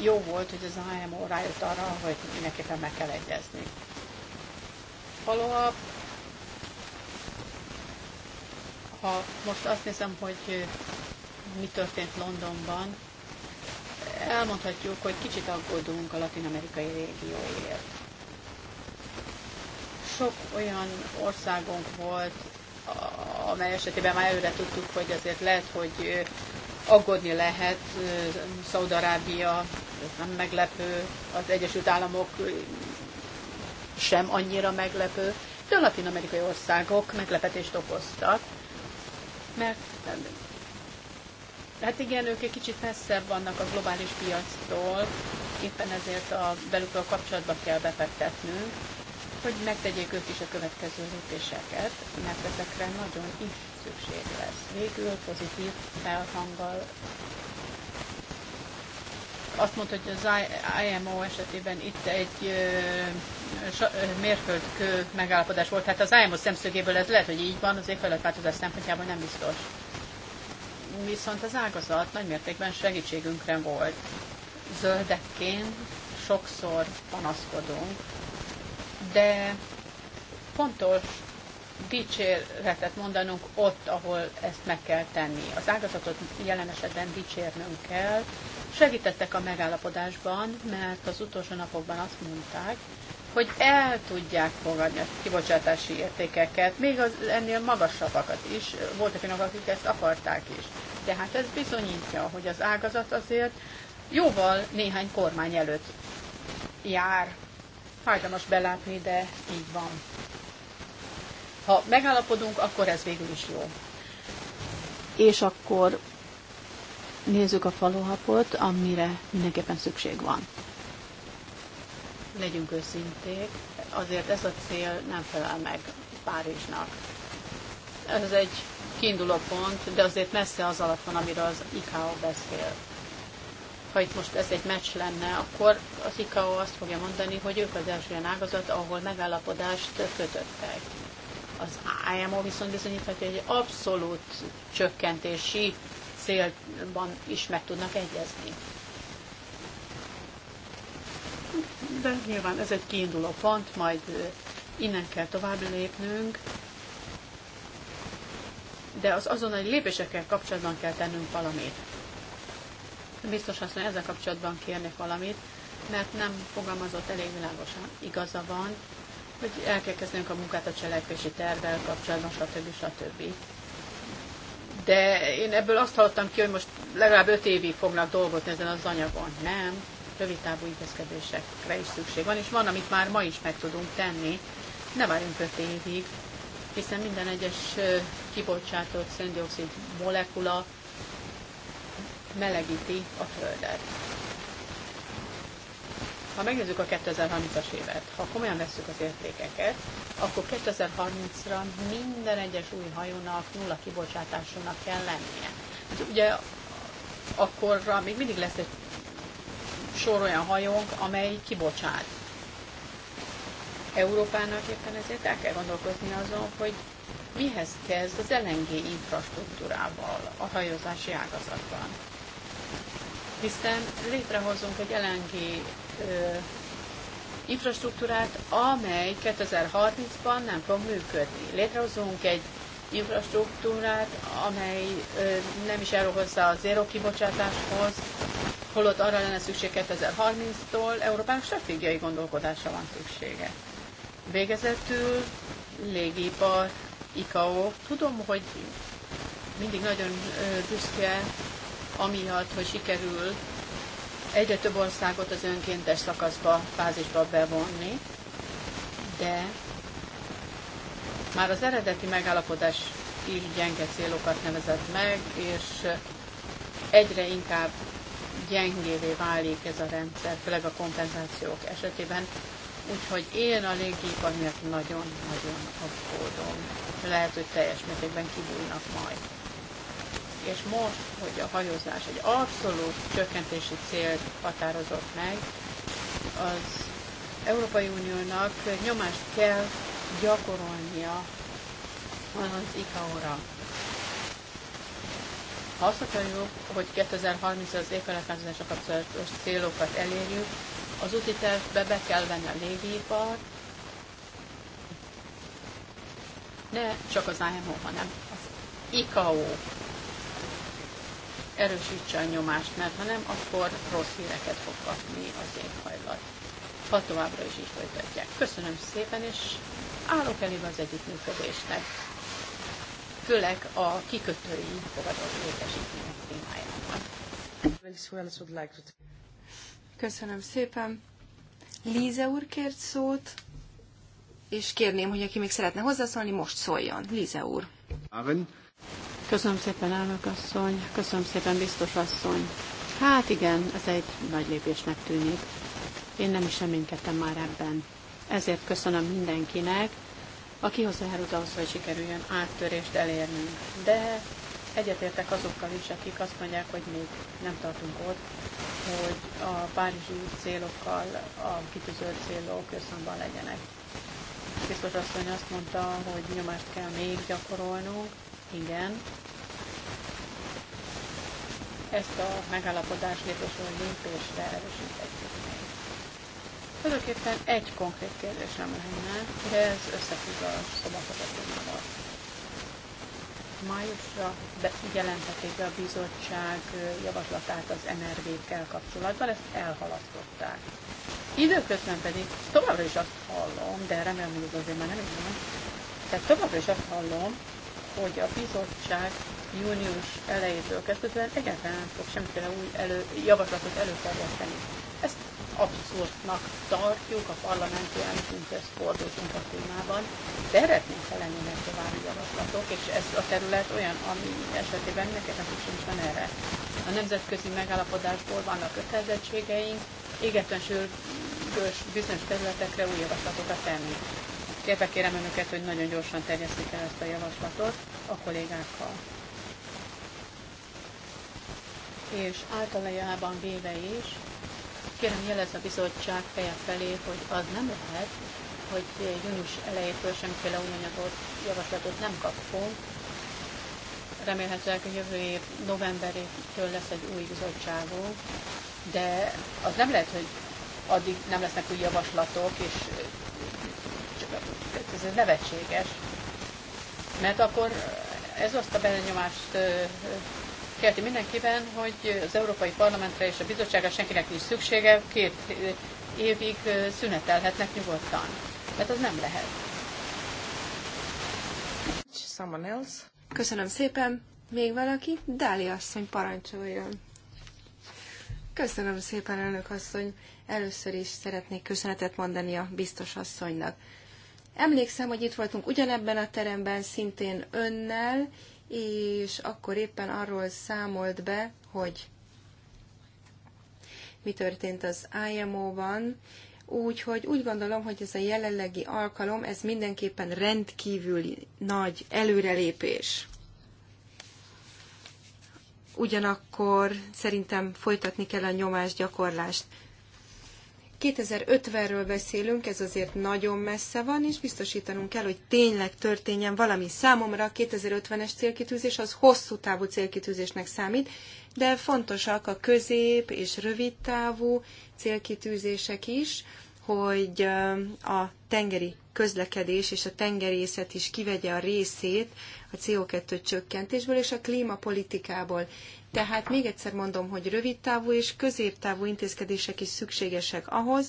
Speaker 2: Jó volt, hogy az IMO rájött arra, hogy mindenképpen meg kell egyezni. follow Ha most azt nézem, hogy mi történt Londonban, elmondhatjuk, hogy kicsit aggódunk a latin-amerikai régióért. Sok olyan országunk volt, amely esetében már előre tudtuk, hogy azért lehet, hogy aggódni lehet Szaudarábia, ez nem meglepő, az Egyesült Államok sem annyira meglepő, de a latin-amerikai országok meglepetést okoztak, mert hát igen, ők egy kicsit messzebb vannak a globális piactól, éppen ezért a belükről kapcsolatba kell befektetnünk, hogy megtegyék ők is a következő lépéseket, mert ezekre nagyon is szükség lesz. Végül pozitív felhanggal azt mondta, hogy az IMO esetében itt egy mérföldkő megállapodás volt. Hát az IMO szemszögéből ez lehet, hogy így van, az éghajlatváltozás szempontjából nem biztos. Viszont az ágazat mértékben segítségünkre volt. Zöldekként sokszor panaszkodunk, de fontos dicséretet mondanunk ott, ahol ezt meg kell tenni. Az ágazatot jelen esetben dicsérnünk kell. Segítettek a megállapodásban, mert az utolsó napokban azt mondták, hogy el tudják fogadni a kibocsátási értékeket, még az ennél magasabbakat is, voltak olyanok, akik ezt akarták is. Tehát ez bizonyítja, hogy az ágazat azért jóval néhány kormány előtt jár fájdalmas belátni, de így van. Ha megállapodunk, akkor ez végül is jó. És akkor nézzük a falohapot, amire mindenképpen szükség van. Legyünk őszinték, azért ez a cél nem felel meg Párizsnak. Ez egy kiinduló pont, de azért messze az alatt van, amiről az ICAO beszél ha itt most ez egy meccs lenne, akkor az ICAO azt fogja mondani, hogy ők az első olyan ágazat, ahol megállapodást kötöttek. Az IMO viszont bizonyítható, hogy egy abszolút csökkentési célban is meg tudnak egyezni. De nyilván ez egy kiinduló pont, majd innen kell tovább lépnünk, de az azonnali lépésekkel kapcsolatban kell tennünk valamit. Biztos azt, hogy ezzel kapcsolatban kérnék valamit, mert nem fogalmazott elég világosan. Igaza van, hogy el kell kezdenünk a munkát a cselekvési tervvel kapcsolatban, stb. stb. De én ebből azt hallottam ki, hogy most legalább öt évig fognak dolgozni ezen az anyagon. Nem, rövid távú intézkedésekre is szükség van, és van, amit már ma is meg tudunk tenni. Ne várjunk öt évig, hiszen minden egyes kibocsátott széndiokszid molekula melegíti a Földet. Ha megnézzük a 2030-as évet, ha komolyan vesszük az értékeket, akkor 2030-ra minden egyes új hajónak nulla kibocsátásúnak kell lennie. Hát ugye akkorra még mindig lesz egy sor olyan hajónk, amely kibocsát. Európának éppen ezért el kell gondolkozni azon, hogy mihez kezd az LNG infrastruktúrával, a hajózási ágazatban hiszen létrehozunk egy LNG infrastruktúrát, amely 2030-ban nem fog működni. Létrehozunk egy infrastruktúrát, amely nem is elhozza a zéro kibocsátáshoz, holott arra lenne szükség 2030-tól, Európának stratégiai gondolkodása van szüksége. Végezetül légipar, ICAO. Tudom, hogy mindig nagyon büszke amiatt, hogy sikerül egyre több országot az önkéntes szakaszba, fázisba bevonni, de már az eredeti megállapodás is gyenge célokat nevezett meg, és egyre inkább gyengévé válik ez a rendszer, főleg a kompenzációk esetében. Úgyhogy én a légipar miatt nagyon-nagyon aggódom. Lehet, hogy teljes mértékben kibújnak majd és most, hogy a hajózás egy abszolút csökkentési célt határozott meg, az Európai Uniónak nyomást kell gyakorolnia az ICAO-ra. Ha azt akarjuk, hogy 2030 az éghajlatváltozásra kapcsolatos célokat elérjük, az úti tervbe be kell venni a légipar, ne csak az IMO, hanem az ICAO erősítse a nyomást, mert ha nem, akkor rossz híreket fog kapni az éghajlat, ha továbbra is így folytatják. Köszönöm szépen, és állok elébe az együttműködésnek, főleg a kikötői fogadott létesítmények
Speaker 3: témájában. Köszönöm szépen. Líze úr kért szót, és kérném, hogy aki még szeretne hozzászólni, most szóljon. Líze úr.
Speaker 2: Áven. Köszönöm szépen, elnök asszony, köszönöm szépen, biztos asszony. Hát igen, ez egy nagy lépésnek tűnik. Én nem is reménykedtem már ebben. Ezért köszönöm mindenkinek, aki hozzájárult ahhoz, hogy sikerüljön áttörést elérnünk. De egyetértek azokkal is, akik azt mondják, hogy még nem tartunk ott, hogy a párizsi célokkal a kitűzött célok összhangban legyenek. Biztos asszony azt mondta, hogy nyomást kell még gyakorolnunk. Igen, ezt a megállapodás létrehozó lépésre erősítetjük meg. Tulajdonképpen egy konkrét kérdésem lenne, de ez összefügg a szobakata témával. Májusra be, jelentették be a bizottság javaslatát az NRV-kkel kapcsolatban, ezt elhalasztották. Időközben pedig továbbra is azt hallom, de remélem, hogy ez azért már nem így van, tehát továbbra is azt hallom, hogy a bizottság június elejétől kezdődően egyáltalán nem fog semmiféle új elő, javaslatot előterjeszteni. Ezt abszurdnak tartjuk, a parlamenti elnökünkhöz fordultunk a témában. Szeretnénk, ha lennének további javaslatok, és ez a terület olyan, ami esetében nekünk sincs van erre. A nemzetközi megállapodásból vannak kötelezettségeink, égetlen sürgős bizonyos területekre új javaslatokat tenni. Kérve kérem önöket, hogy nagyon gyorsan terjesszék el ezt a javaslatot a kollégákkal és általában véve is, kérem jelez a bizottság feje felé, hogy az nem lehet, hogy június elejétől semmiféle új anyagot, javaslatot nem kapunk. Remélhetőleg a jövő év novemberétől lesz egy új bizottságunk, de az nem lehet, hogy addig nem lesznek új javaslatok, és ez nevetséges. Mert akkor ez azt a benyomást kérti mindenkiben, hogy az Európai Parlamentre és a bizottságra senkinek nincs szüksége, két eh, évig eh, szünetelhetnek nyugodtan. mert hát az nem lehet.
Speaker 3: Someone else. Köszönöm szépen. Még valaki? Dáli asszony parancsoljon. Köszönöm szépen, elnök asszony. Először is szeretnék köszönetet mondani a biztos asszonynak. Emlékszem, hogy itt voltunk ugyanebben a teremben, szintén önnel, és akkor éppen arról számolt be, hogy mi történt az IMO-ban, Úgyhogy úgy gondolom, hogy ez a jelenlegi alkalom, ez mindenképpen rendkívüli nagy előrelépés. Ugyanakkor szerintem folytatni kell a nyomásgyakorlást. 2050-ről beszélünk, ez azért nagyon messze van, és biztosítanunk kell, hogy tényleg történjen valami. Számomra a 2050-es célkitűzés az hosszú távú célkitűzésnek számít, de fontosak a közép és rövid távú célkitűzések is, hogy a tengeri közlekedés és a tengerészet is kivegye a részét a CO2 csökkentésből és a klímapolitikából. Tehát még egyszer mondom, hogy rövidtávú és középtávú intézkedések is szükségesek ahhoz,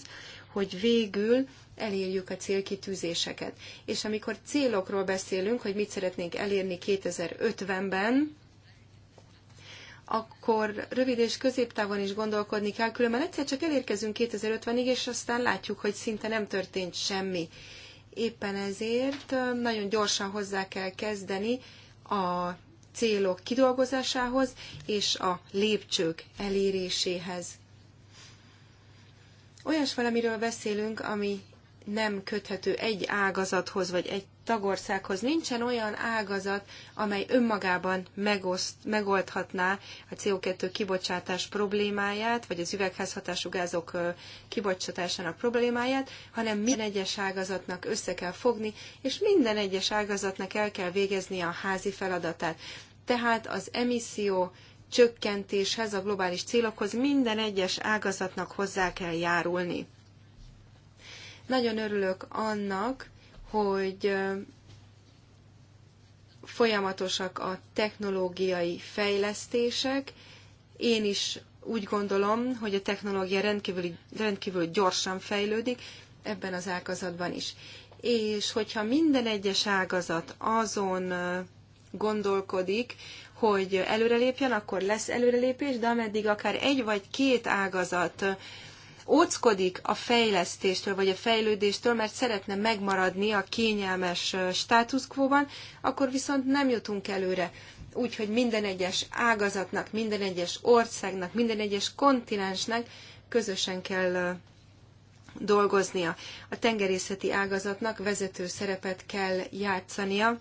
Speaker 3: hogy végül elérjük a célkitűzéseket. És amikor célokról beszélünk, hogy mit szeretnénk elérni 2050-ben, akkor rövid és középtávon is gondolkodni kell, különben egyszer csak elérkezünk 2050-ig, és aztán látjuk, hogy szinte nem történt semmi. Éppen ezért nagyon gyorsan hozzá kell kezdeni a célok kidolgozásához és a lépcsők eléréséhez. Olyas valamiről beszélünk, ami nem köthető egy ágazathoz vagy egy tagországhoz. Nincsen olyan ágazat, amely önmagában megoszt, megoldhatná a CO2 kibocsátás problémáját, vagy az üvegházhatású gázok kibocsátásának problémáját, hanem minden egyes ágazatnak össze kell fogni, és minden egyes ágazatnak el kell végeznie a házi feladatát. Tehát az emisszió csökkentéshez, a globális célokhoz minden egyes ágazatnak hozzá kell járulni. Nagyon örülök annak, hogy folyamatosak a technológiai fejlesztések. Én is úgy gondolom, hogy a technológia rendkívül, rendkívül gyorsan fejlődik ebben az ágazatban is. És hogyha minden egyes ágazat azon gondolkodik, hogy előrelépjen, akkor lesz előrelépés, de ameddig akár egy vagy két ágazat óckodik a fejlesztéstől vagy a fejlődéstől, mert szeretne megmaradni a kényelmes státuszkvóban, akkor viszont nem jutunk előre. Úgyhogy minden egyes ágazatnak, minden egyes országnak, minden egyes kontinensnek közösen kell dolgoznia. A tengerészeti ágazatnak vezető szerepet kell játszania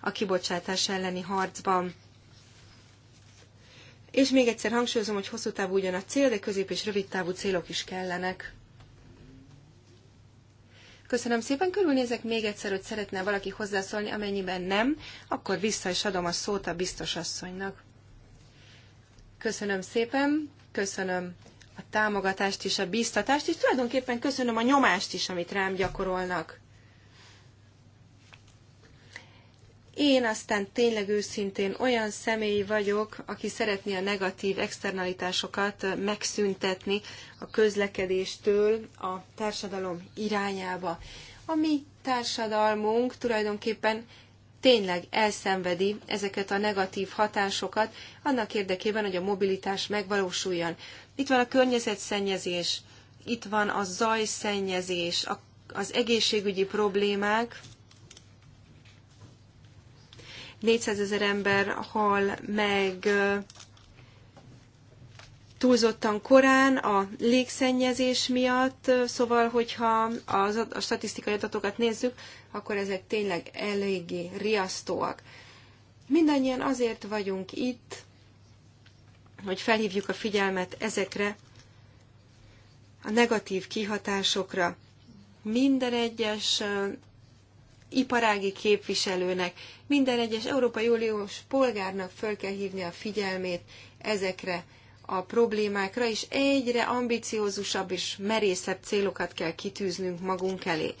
Speaker 3: a kibocsátás elleni harcban. És még egyszer hangsúlyozom, hogy hosszú távú ugyan a cél, de közép és rövid távú célok is kellenek. Köszönöm szépen, körülnézek még egyszer, hogy szeretne valaki hozzászólni, amennyiben nem, akkor vissza is adom a szót a biztos asszonynak. Köszönöm szépen, köszönöm a támogatást is, a biztatást, és tulajdonképpen köszönöm a nyomást is, amit rám gyakorolnak. Én aztán tényleg őszintén olyan személy vagyok, aki szeretné a negatív externalitásokat megszüntetni a közlekedéstől a társadalom irányába. A mi társadalmunk tulajdonképpen tényleg elszenvedi ezeket a negatív hatásokat annak érdekében, hogy a mobilitás megvalósuljon. Itt van a környezetszennyezés, itt van a zajszennyezés, az egészségügyi problémák, 400 ezer ember hal meg túlzottan korán a légszennyezés miatt, szóval, hogyha az, a statisztikai adatokat nézzük, akkor ezek tényleg eléggé riasztóak. Mindannyian azért vagyunk itt, hogy felhívjuk a figyelmet ezekre a negatív kihatásokra. Minden egyes iparági képviselőnek, minden egyes Európai Uniós polgárnak föl kell hívni a figyelmét ezekre a problémákra, és egyre ambiciózusabb és merészebb célokat kell kitűznünk magunk elé.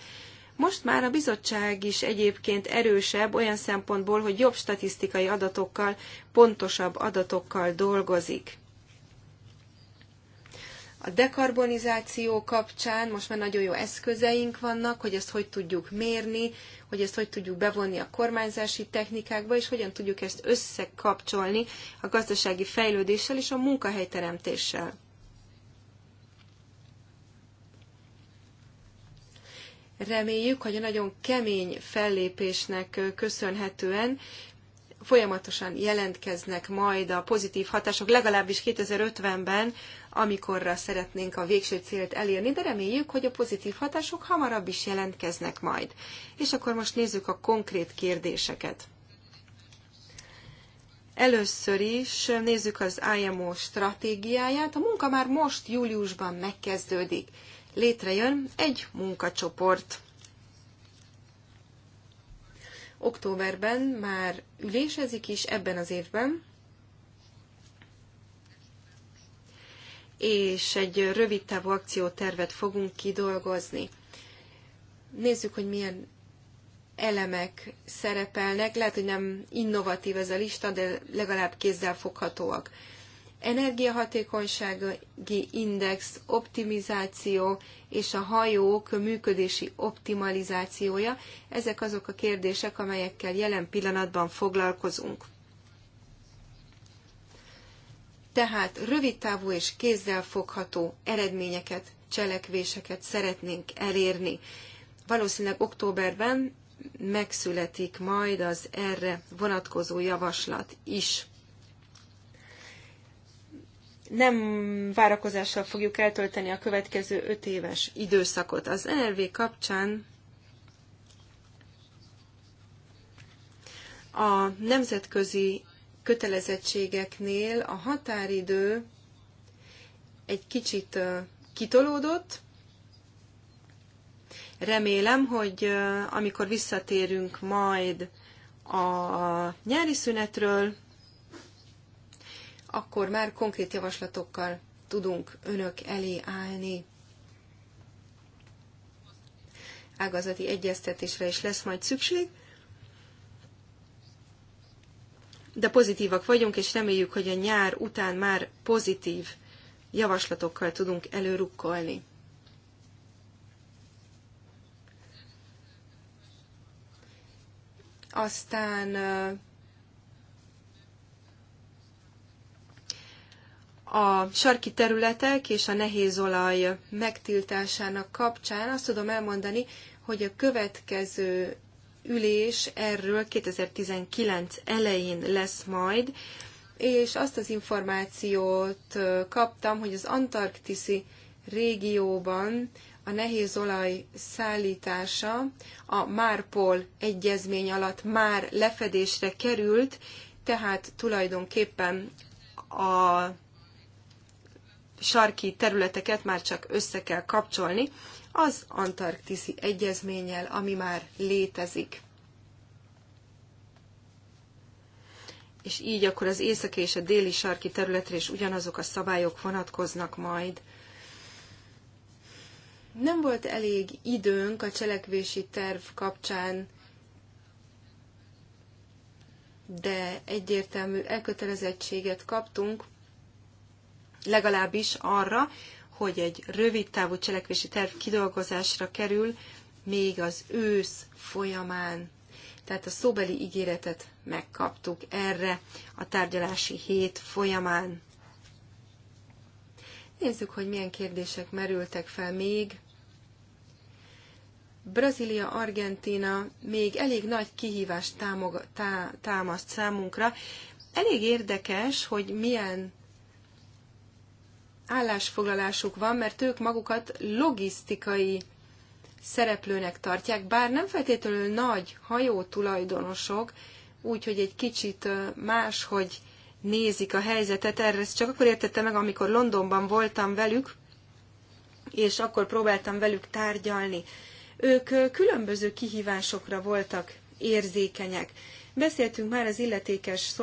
Speaker 3: Most már a bizottság is egyébként erősebb olyan szempontból, hogy jobb statisztikai adatokkal, pontosabb adatokkal dolgozik. A dekarbonizáció kapcsán most már nagyon jó eszközeink vannak, hogy ezt hogy tudjuk mérni, hogy ezt hogy tudjuk bevonni a kormányzási technikákba, és hogyan tudjuk ezt összekapcsolni a gazdasági fejlődéssel és a munkahelyteremtéssel. Reméljük, hogy a nagyon kemény fellépésnek köszönhetően folyamatosan jelentkeznek majd a pozitív hatások, legalábbis 2050-ben, amikorra szeretnénk a végső célt elérni, de reméljük, hogy a pozitív hatások hamarabb is jelentkeznek majd. És akkor most nézzük a konkrét kérdéseket. Először is nézzük az IMO stratégiáját. A munka már most júliusban megkezdődik. Létrejön egy munkacsoport. Októberben már ülésezik is ebben az évben, és egy rövid távú akciótervet fogunk kidolgozni. Nézzük, hogy milyen elemek szerepelnek. Lehet, hogy nem innovatív ez a lista, de legalább kézzel foghatóak energiahatékonysági index, optimizáció és a hajók működési optimalizációja, ezek azok a kérdések, amelyekkel jelen pillanatban foglalkozunk. Tehát rövidtávú és kézzelfogható eredményeket, cselekvéseket szeretnénk elérni. Valószínűleg októberben megszületik majd az erre vonatkozó javaslat is nem várakozással fogjuk eltölteni a következő öt éves időszakot. Az NRV kapcsán a nemzetközi kötelezettségeknél a határidő egy kicsit kitolódott. Remélem, hogy amikor visszatérünk majd a nyári szünetről, akkor már konkrét javaslatokkal tudunk önök elé állni. Ágazati egyeztetésre is lesz majd szükség, de pozitívak vagyunk, és reméljük, hogy a nyár után már pozitív javaslatokkal tudunk előrukkolni. Aztán a sarki területek és a nehézolaj megtiltásának kapcsán azt tudom elmondani, hogy a következő ülés erről 2019 elején lesz majd, és azt az információt kaptam, hogy az antarktiszi régióban a nehéz olaj szállítása a Márpol egyezmény alatt már lefedésre került, tehát tulajdonképpen a sarki területeket már csak össze kell kapcsolni az antarktiszi egyezménnyel, ami már létezik. És így akkor az északi és a déli sarki területre is ugyanazok a szabályok vonatkoznak majd. Nem volt elég időnk a cselekvési terv kapcsán de egyértelmű elkötelezettséget kaptunk legalábbis arra, hogy egy rövid távú cselekvési terv kidolgozásra kerül még az ősz folyamán. Tehát a szóbeli ígéretet megkaptuk erre a tárgyalási hét folyamán. Nézzük, hogy milyen kérdések merültek fel még. Brazília, Argentina még elég nagy kihívást támog, tá, támaszt számunkra. Elég érdekes, hogy milyen állásfoglalásuk van, mert ők magukat logisztikai szereplőnek tartják, bár nem feltétlenül nagy hajó tulajdonosok, úgyhogy egy kicsit más, hogy nézik a helyzetet. Erre ezt csak akkor értettem meg, amikor Londonban voltam velük, és akkor próbáltam velük tárgyalni. Ők különböző kihívásokra voltak érzékenyek, Beszéltünk már az illetékes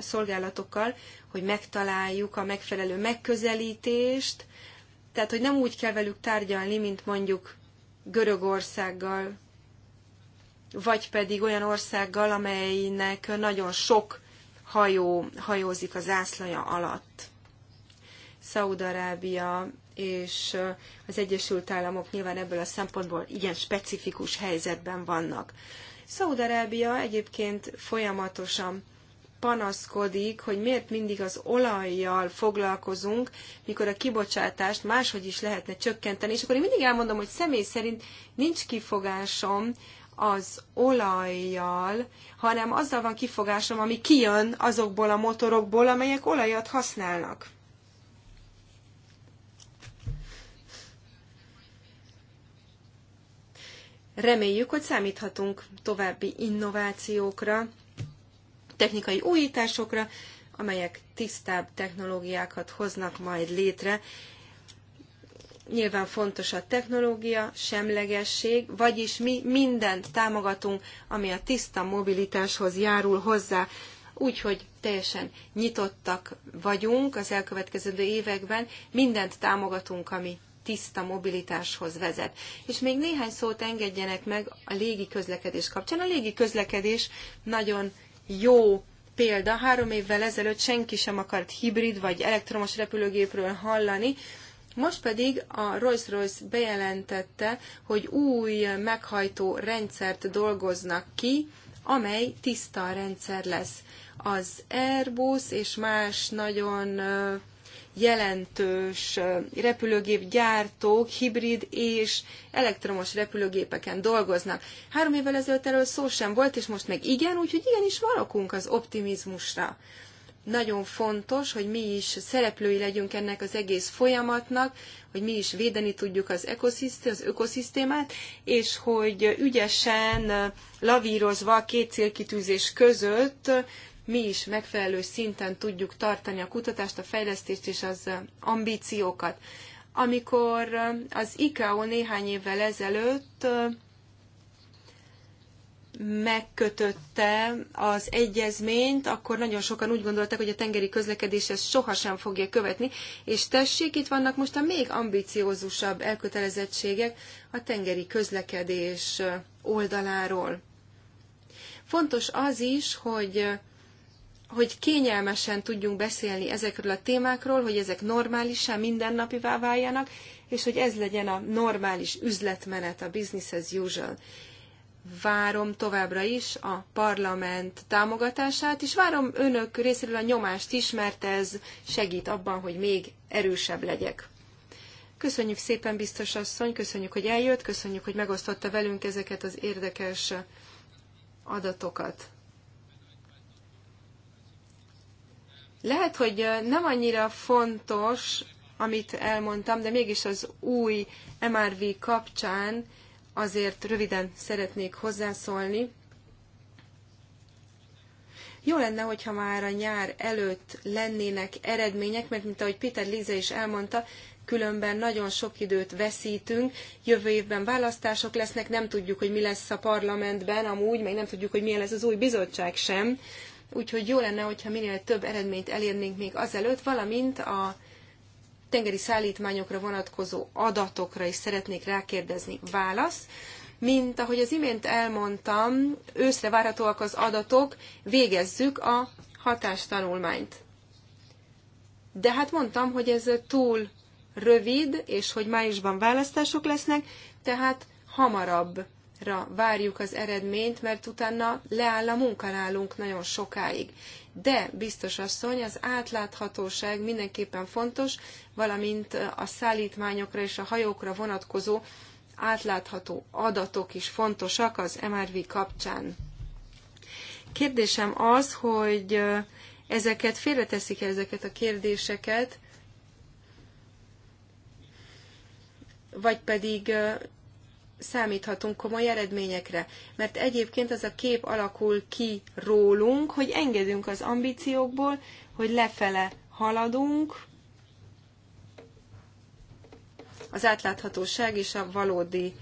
Speaker 3: szolgálatokkal, hogy megtaláljuk a megfelelő megközelítést, tehát hogy nem úgy kell velük tárgyalni, mint mondjuk Görögországgal, vagy pedig olyan országgal, amelynek nagyon sok hajó hajózik a zászlaja alatt. Szaudarábia és az Egyesült Államok nyilván ebből a szempontból igen specifikus helyzetben vannak. Szaudarábia egyébként folyamatosan panaszkodik, hogy miért mindig az olajjal foglalkozunk, mikor a kibocsátást máshogy is lehetne csökkenteni. És akkor én mindig elmondom, hogy személy szerint nincs kifogásom az olajjal, hanem azzal van kifogásom, ami kijön azokból a motorokból, amelyek olajat használnak. Reméljük, hogy számíthatunk további innovációkra, technikai újításokra, amelyek tisztább technológiákat hoznak majd létre. Nyilván fontos a technológia, semlegesség, vagyis mi mindent támogatunk, ami a tiszta mobilitáshoz járul hozzá, úgyhogy teljesen nyitottak vagyunk az elkövetkező években, mindent támogatunk, ami tiszta mobilitáshoz vezet. És még néhány szót engedjenek meg a légi közlekedés kapcsán. A légi közlekedés nagyon jó példa. Három évvel ezelőtt senki sem akart hibrid vagy elektromos repülőgépről hallani, most pedig a Rolls-Royce bejelentette, hogy új meghajtó rendszert dolgoznak ki, amely tiszta rendszer lesz. Az Airbus és más nagyon jelentős repülőgépgyártók hibrid és elektromos repülőgépeken dolgoznak. Három évvel ezelőtt erről szó sem volt, és most meg igen, úgyhogy igenis valakunk az optimizmusra. Nagyon fontos, hogy mi is szereplői legyünk ennek az egész folyamatnak, hogy mi is védeni tudjuk az, az ökoszisztémát, és hogy ügyesen lavírozva a két célkitűzés között mi is megfelelő szinten tudjuk tartani a kutatást, a fejlesztést és az eh, ambíciókat. Amikor eh, az ICAO néhány évvel ezelőtt eh, megkötötte az egyezményt, akkor nagyon sokan úgy gondolták, hogy a tengeri közlekedés ezt sohasem fogja követni, és tessék, itt vannak most a még ambiciózusabb elkötelezettségek a tengeri közlekedés oldaláról. Fontos az is, hogy hogy kényelmesen tudjunk beszélni ezekről a témákról, hogy ezek normálisá, mindennapivá váljanak, és hogy ez legyen a normális üzletmenet, a business as usual. Várom továbbra is a parlament támogatását, és várom önök részéről a nyomást is, mert ez segít abban, hogy még erősebb legyek. Köszönjük szépen, biztos asszony, köszönjük, hogy eljött, köszönjük, hogy megosztotta velünk ezeket az érdekes adatokat. Lehet, hogy nem annyira fontos, amit elmondtam, de mégis az új MRV kapcsán azért röviden szeretnék hozzászólni. Jó lenne, hogyha már a nyár előtt lennének eredmények, mert mint ahogy Peter Líze is elmondta, különben nagyon sok időt veszítünk, jövő évben választások lesznek, nem tudjuk, hogy mi lesz a parlamentben amúgy, meg nem tudjuk, hogy milyen lesz az új bizottság sem, úgyhogy jó lenne, hogyha minél több eredményt elérnénk még azelőtt, valamint a tengeri szállítmányokra vonatkozó adatokra is szeretnék rákérdezni. Válasz. Mint ahogy az imént elmondtam, őszre várhatóak az adatok, végezzük a hatástanulmányt. De hát mondtam, hogy ez túl rövid, és hogy májusban választások lesznek, tehát hamarabb ra várjuk az eredményt, mert utána leáll a munka nálunk nagyon sokáig. De, biztos asszony, az átláthatóság mindenképpen fontos, valamint a szállítmányokra és a hajókra vonatkozó átlátható adatok is fontosak az MRV er kapcsán. Kérdésem az, hogy ezeket félreteszik -e ezeket a kérdéseket, vagy pedig számíthatunk komoly eredményekre, mert egyébként az a kép alakul ki rólunk, hogy engedünk az ambíciókból, hogy lefele haladunk, az átláthatóság és a valódi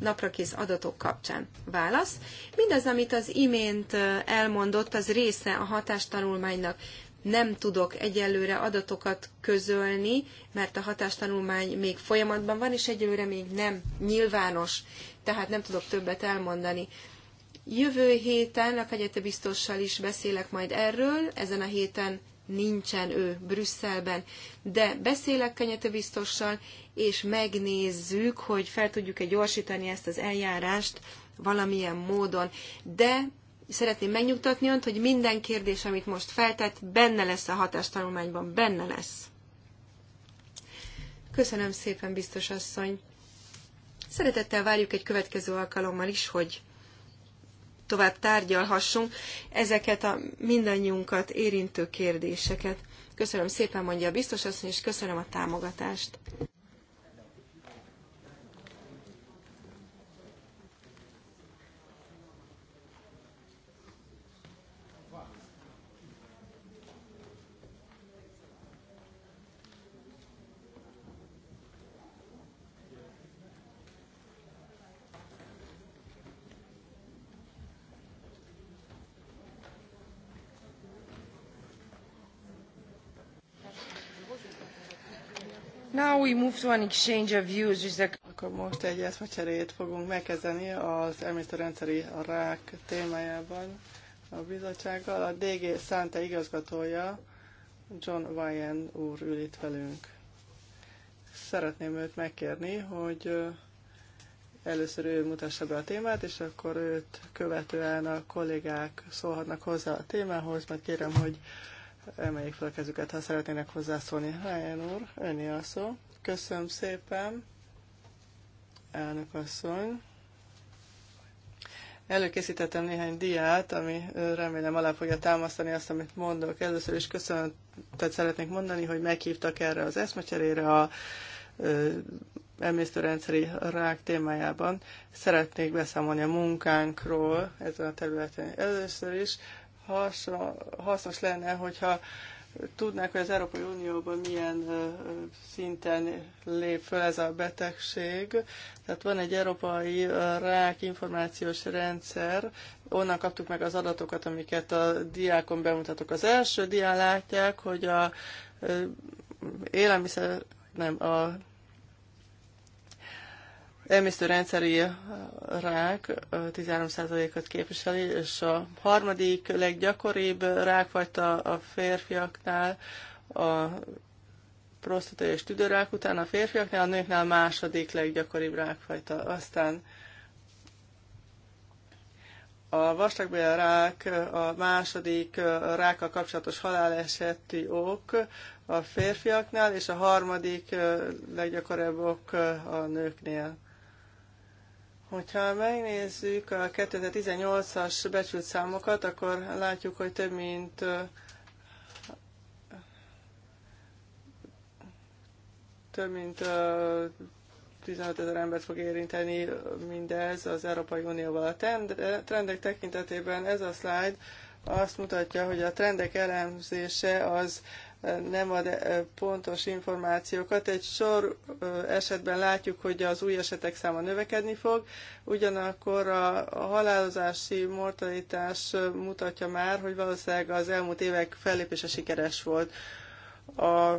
Speaker 3: naprakész adatok kapcsán. Válasz. Mindaz, amit az imént elmondott, az része a hatástanulmánynak nem tudok egyelőre adatokat közölni, mert a hatástanulmány még folyamatban van, és egyelőre még nem nyilvános, tehát nem tudok többet elmondani. Jövő héten a kegyete biztossal is beszélek majd erről, ezen a héten nincsen ő Brüsszelben, de beszélek Kenyete biztossal, és megnézzük, hogy fel tudjuk-e gyorsítani ezt az eljárást valamilyen módon. De szeretném megnyugtatni önt, hogy minden kérdés, amit most feltett, benne lesz a hatástanulmányban, benne lesz. Köszönöm szépen, biztos asszony. Szeretettel várjuk egy következő alkalommal is, hogy tovább tárgyalhassunk ezeket a mindannyiunkat érintő kérdéseket. Köszönöm szépen, mondja a biztos asszony, és köszönöm a támogatást. Now we move to an exchange
Speaker 1: of views. the... Akkor most egy eszmecserét fogunk megkezdeni az emésztőrendszeri rák témájában a bizottsággal. A DG Szánta igazgatója John Wyan úr ül itt velünk. Szeretném őt megkérni, hogy először ő mutassa be a témát, és akkor őt követően a kollégák szólhatnak hozzá a témához, mert kérem, hogy emeljék fel a kezüket, ha szeretnének hozzászólni. Helyen úr, öné a szó. Köszönöm szépen, elnök asszony. Előkészítettem néhány diát, ami remélem alá fogja támasztani azt, amit mondok. Először is köszönetet szeretnék mondani, hogy meghívtak erre az eszmecserére a emésztőrendszeri rák témájában szeretnék beszámolni a munkánkról ezen a területen. Először is hasznos lenne, hogyha tudnák, hogy az Európai Unióban milyen szinten lép föl ez a betegség. Tehát van egy európai rák információs rendszer, onnan kaptuk meg az adatokat, amiket a diákon bemutatok. Az első dián látják, hogy a élelmiszer, nem, a rendszeri eh, rák 13%-ot eh, képviseli, és a harmadik leggyakoribb rákfajta a férfiaknál a prostata és tüdőrák után a férfiaknál, a nőknél a második leggyakoribb rákfajta. Aztán a vastagbélrák a második eh, ráka kapcsolatos haláleseti ok a férfiaknál, és a harmadik leggyakoribb ok a nőknél. Hogyha megnézzük a 2018-as becsült számokat, akkor látjuk, hogy több mint több mint 15 ezer embert fog érinteni mindez az Európai Unióval. A trendek tekintetében ez a slide azt mutatja, hogy a trendek elemzése az nem ad eh, pontos információkat. Egy sor eh, esetben látjuk, hogy az új esetek száma növekedni fog, ugyanakkor a halálozási mortalitás eh, mutatja már, hogy valószínűleg az elmúlt évek fellépése sikeres volt. A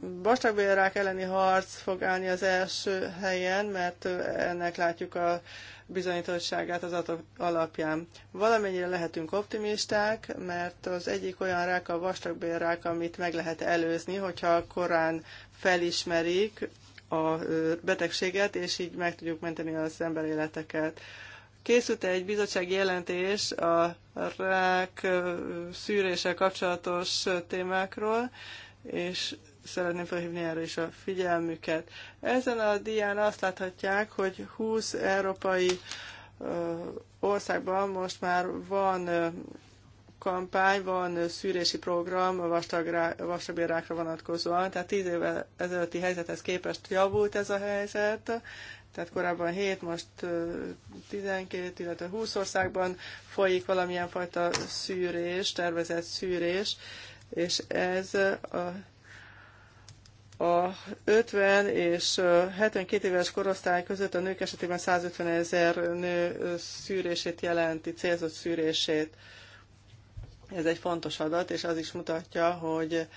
Speaker 1: vastagbélrák elleni harc fog állni az első helyen, mert ennek látjuk a bizonyítottságát az adatok alapján. Valamennyire lehetünk optimisták, mert az egyik olyan rák a vastagbélrák, amit meg lehet előzni, hogyha korán felismerik a betegséget, és így meg tudjuk menteni az életeket. Készült egy bizottsági jelentés a rák szűréssel kapcsolatos témákról, és szeretném felhívni erre is a figyelmüket. Ezen a dián azt láthatják, hogy 20 európai országban most már van kampány, van szűrési program a vastagbérrákra vonatkozóan, tehát 10 évvel ezelőtti helyzethez képest javult ez a helyzet, tehát korábban 7, most 12, illetve 20 országban folyik valamilyen fajta szűrés, tervezett szűrés, és ez a a 50 és 72 éves korosztály között a nők esetében 150 ezer nő szűrését jelenti, célzott szűrését. Ez egy fontos adat, és az is mutatja, hogy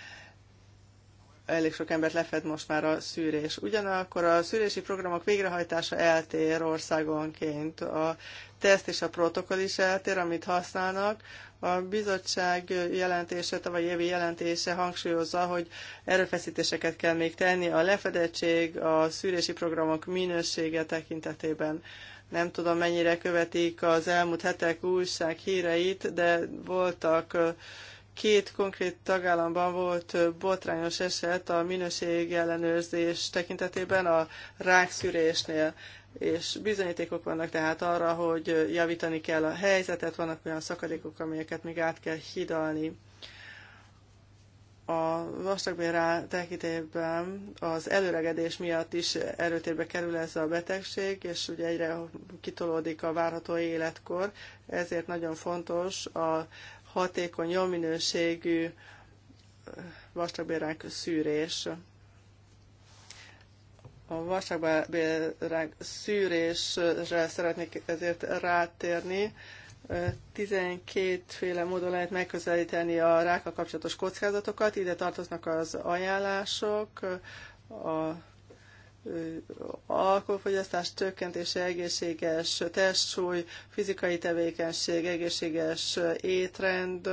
Speaker 1: elég sok embert lefed most már a szűrés. Ugyanakkor a szűrési programok végrehajtása eltér országonként. A teszt és a protokoll is eltér, amit használnak. A bizottság jelentése, tavaly évi jelentése hangsúlyozza, hogy erőfeszítéseket kell még tenni a lefedettség, a szűrési programok minősége tekintetében. Nem tudom, mennyire követik az elmúlt hetek újság híreit, de voltak két konkrét tagállamban volt botrányos eset a minőség ellenőrzés tekintetében a rákszűrésnél és bizonyítékok vannak tehát arra, hogy javítani kell a helyzetet, vannak olyan szakadékok, amelyeket még át kell hidalni. A vastagbér tekintében az előregedés miatt is erőtérbe kerül ez a betegség, és ugye egyre kitolódik a várható életkor, ezért nagyon fontos a hatékony, jó minőségű vastagbérák szűrés. A vasakbélrág szűrésre szeretnék ezért rátérni. 12 féle módon lehet megközelíteni a rákkal kapcsolatos kockázatokat. Ide tartoznak az ajánlások, a alkoholfogyasztás csökkentése, egészséges testsúly, fizikai tevékenység, egészséges étrend,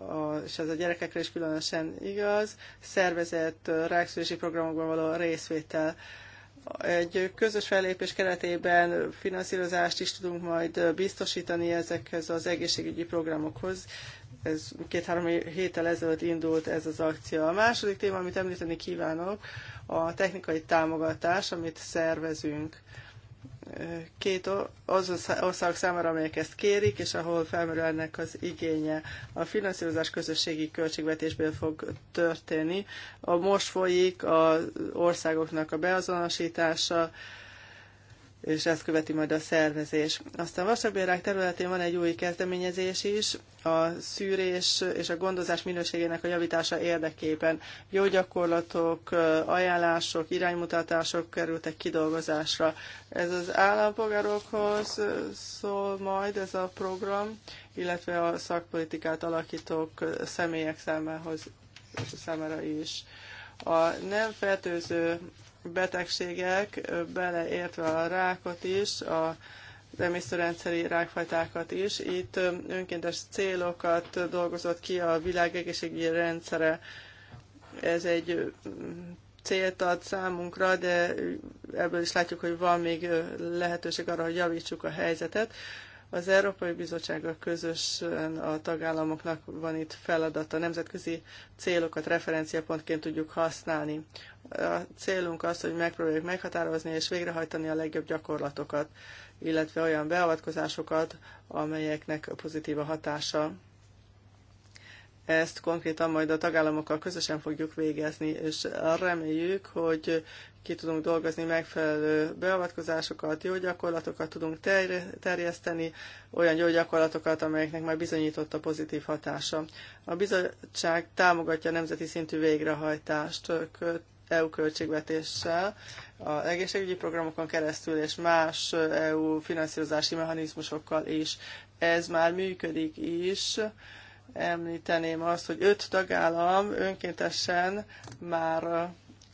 Speaker 1: a, és ez a gyerekekre is különösen igaz, szervezett rákszülési programokban való részvétel. Egy közös fellépés keretében finanszírozást is tudunk majd biztosítani ezekhez az egészségügyi programokhoz. Ez két-három héttel ezelőtt indult ez az akció. A második téma, amit említeni kívánok, a technikai támogatás, amit szervezünk két az országok számára, amelyek ezt kérik, és ahol felmerül ennek az igénye. A finanszírozás közösségi költségvetésből fog történni. A most folyik az országoknak a beazonosítása, és ezt követi majd a szervezés. Aztán vasabérák területén van egy új kezdeményezés is, a szűrés és a gondozás minőségének a javítása érdekében. Jó gyakorlatok, ajánlások, iránymutatások kerültek kidolgozásra. Ez az állampolgárokhoz szól majd ez a program, illetve a szakpolitikát alakítók személyek számához, számára is. A nem fertőző betegségek, beleértve a rákot is, a emésztőrendszeri rákfajtákat is. Itt önkéntes célokat dolgozott ki a világ egészségügyi rendszere. Ez egy célt ad számunkra, de ebből is látjuk, hogy van még lehetőség arra, hogy javítsuk a helyzetet. Az Európai Bizottsággal közösen a tagállamoknak van itt feladata, nemzetközi célokat referenciapontként tudjuk használni. A célunk az, hogy megpróbáljuk meghatározni és végrehajtani a legjobb gyakorlatokat, illetve olyan beavatkozásokat, amelyeknek pozitív a hatása ezt konkrétan majd a tagállamokkal közösen fogjuk végezni, és reméljük, hogy ki tudunk dolgozni megfelelő beavatkozásokat, jó gyakorlatokat tudunk ter- terjeszteni, olyan jó gyakorlatokat, amelyeknek már bizonyított a pozitív hatása. A bizottság támogatja a nemzeti szintű végrehajtást EU költségvetéssel, a egészségügyi programokon keresztül és más EU finanszírozási mechanizmusokkal is. Ez már működik is említeném azt, hogy öt tagállam önkéntesen már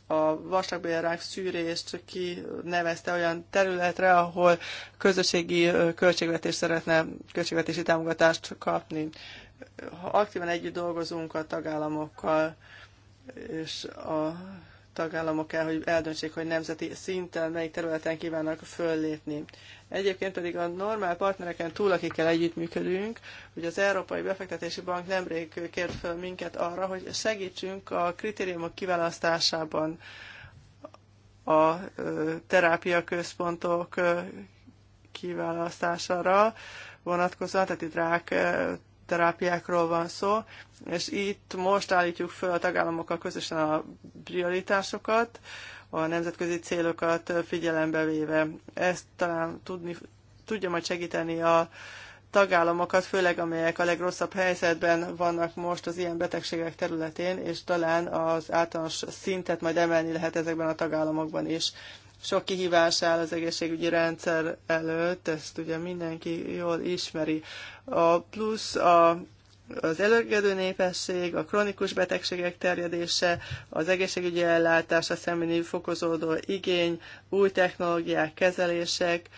Speaker 1: a vastagbélrák szűrést kinevezte olyan területre, ahol közösségi költségvetést szeretne, költségvetési támogatást kapni. Ha aktívan együtt dolgozunk a tagállamokkal, és a tagállamok kell, hogy eldöntsék, hogy nemzeti szinten melyik területen kívánnak föllépni. Egyébként pedig a normál partnereken túl, akikkel együttműködünk, hogy az Európai Befektetési Bank nemrég kért fel minket arra, hogy segítsünk a kritériumok kiválasztásában a terápiaközpontok kiválasztására vonatkozóan, tehát itt rák terápiákról van szó, és itt most állítjuk föl a tagállamokkal közösen a prioritásokat, a nemzetközi célokat figyelembe véve. Ezt talán tudni, tudja majd segíteni a tagállamokat, főleg amelyek a legrosszabb helyzetben vannak most az ilyen betegségek területén, és talán az általános szintet majd emelni lehet ezekben a tagállamokban is. Sok kihívás áll az egészségügyi rendszer előtt, ezt ugye mindenki jól ismeri. A plusz a az előregedő népesség, a kronikus betegségek terjedése, az egészségügyi ellátás, a személyi fokozódó igény, új technológiák, kezelések,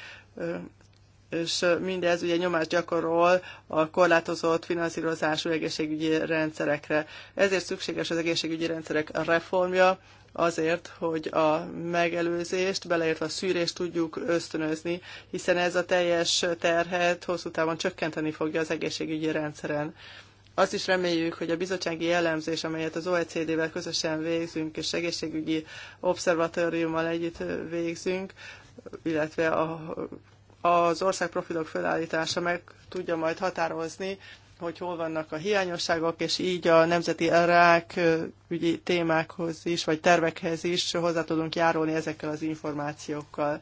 Speaker 1: és mindez ugye nyomást gyakorol a korlátozott finanszírozású egészségügyi rendszerekre. Ezért szükséges az egészségügyi rendszerek reformja, azért, hogy a megelőzést, beleértve a szűrést tudjuk ösztönözni, hiszen ez a teljes terhet hosszú távon csökkenteni fogja az egészségügyi rendszeren. Azt is reméljük, hogy a bizottsági jellemzés, amelyet az OECD-vel közösen végzünk, és egészségügyi obszervatóriummal együtt végzünk, illetve a, az országprofilok felállítása meg tudja majd határozni, hogy hol vannak a hiányosságok, és így a nemzeti rák ügyi témákhoz is, vagy tervekhez is hozzá tudunk járulni ezekkel az információkkal.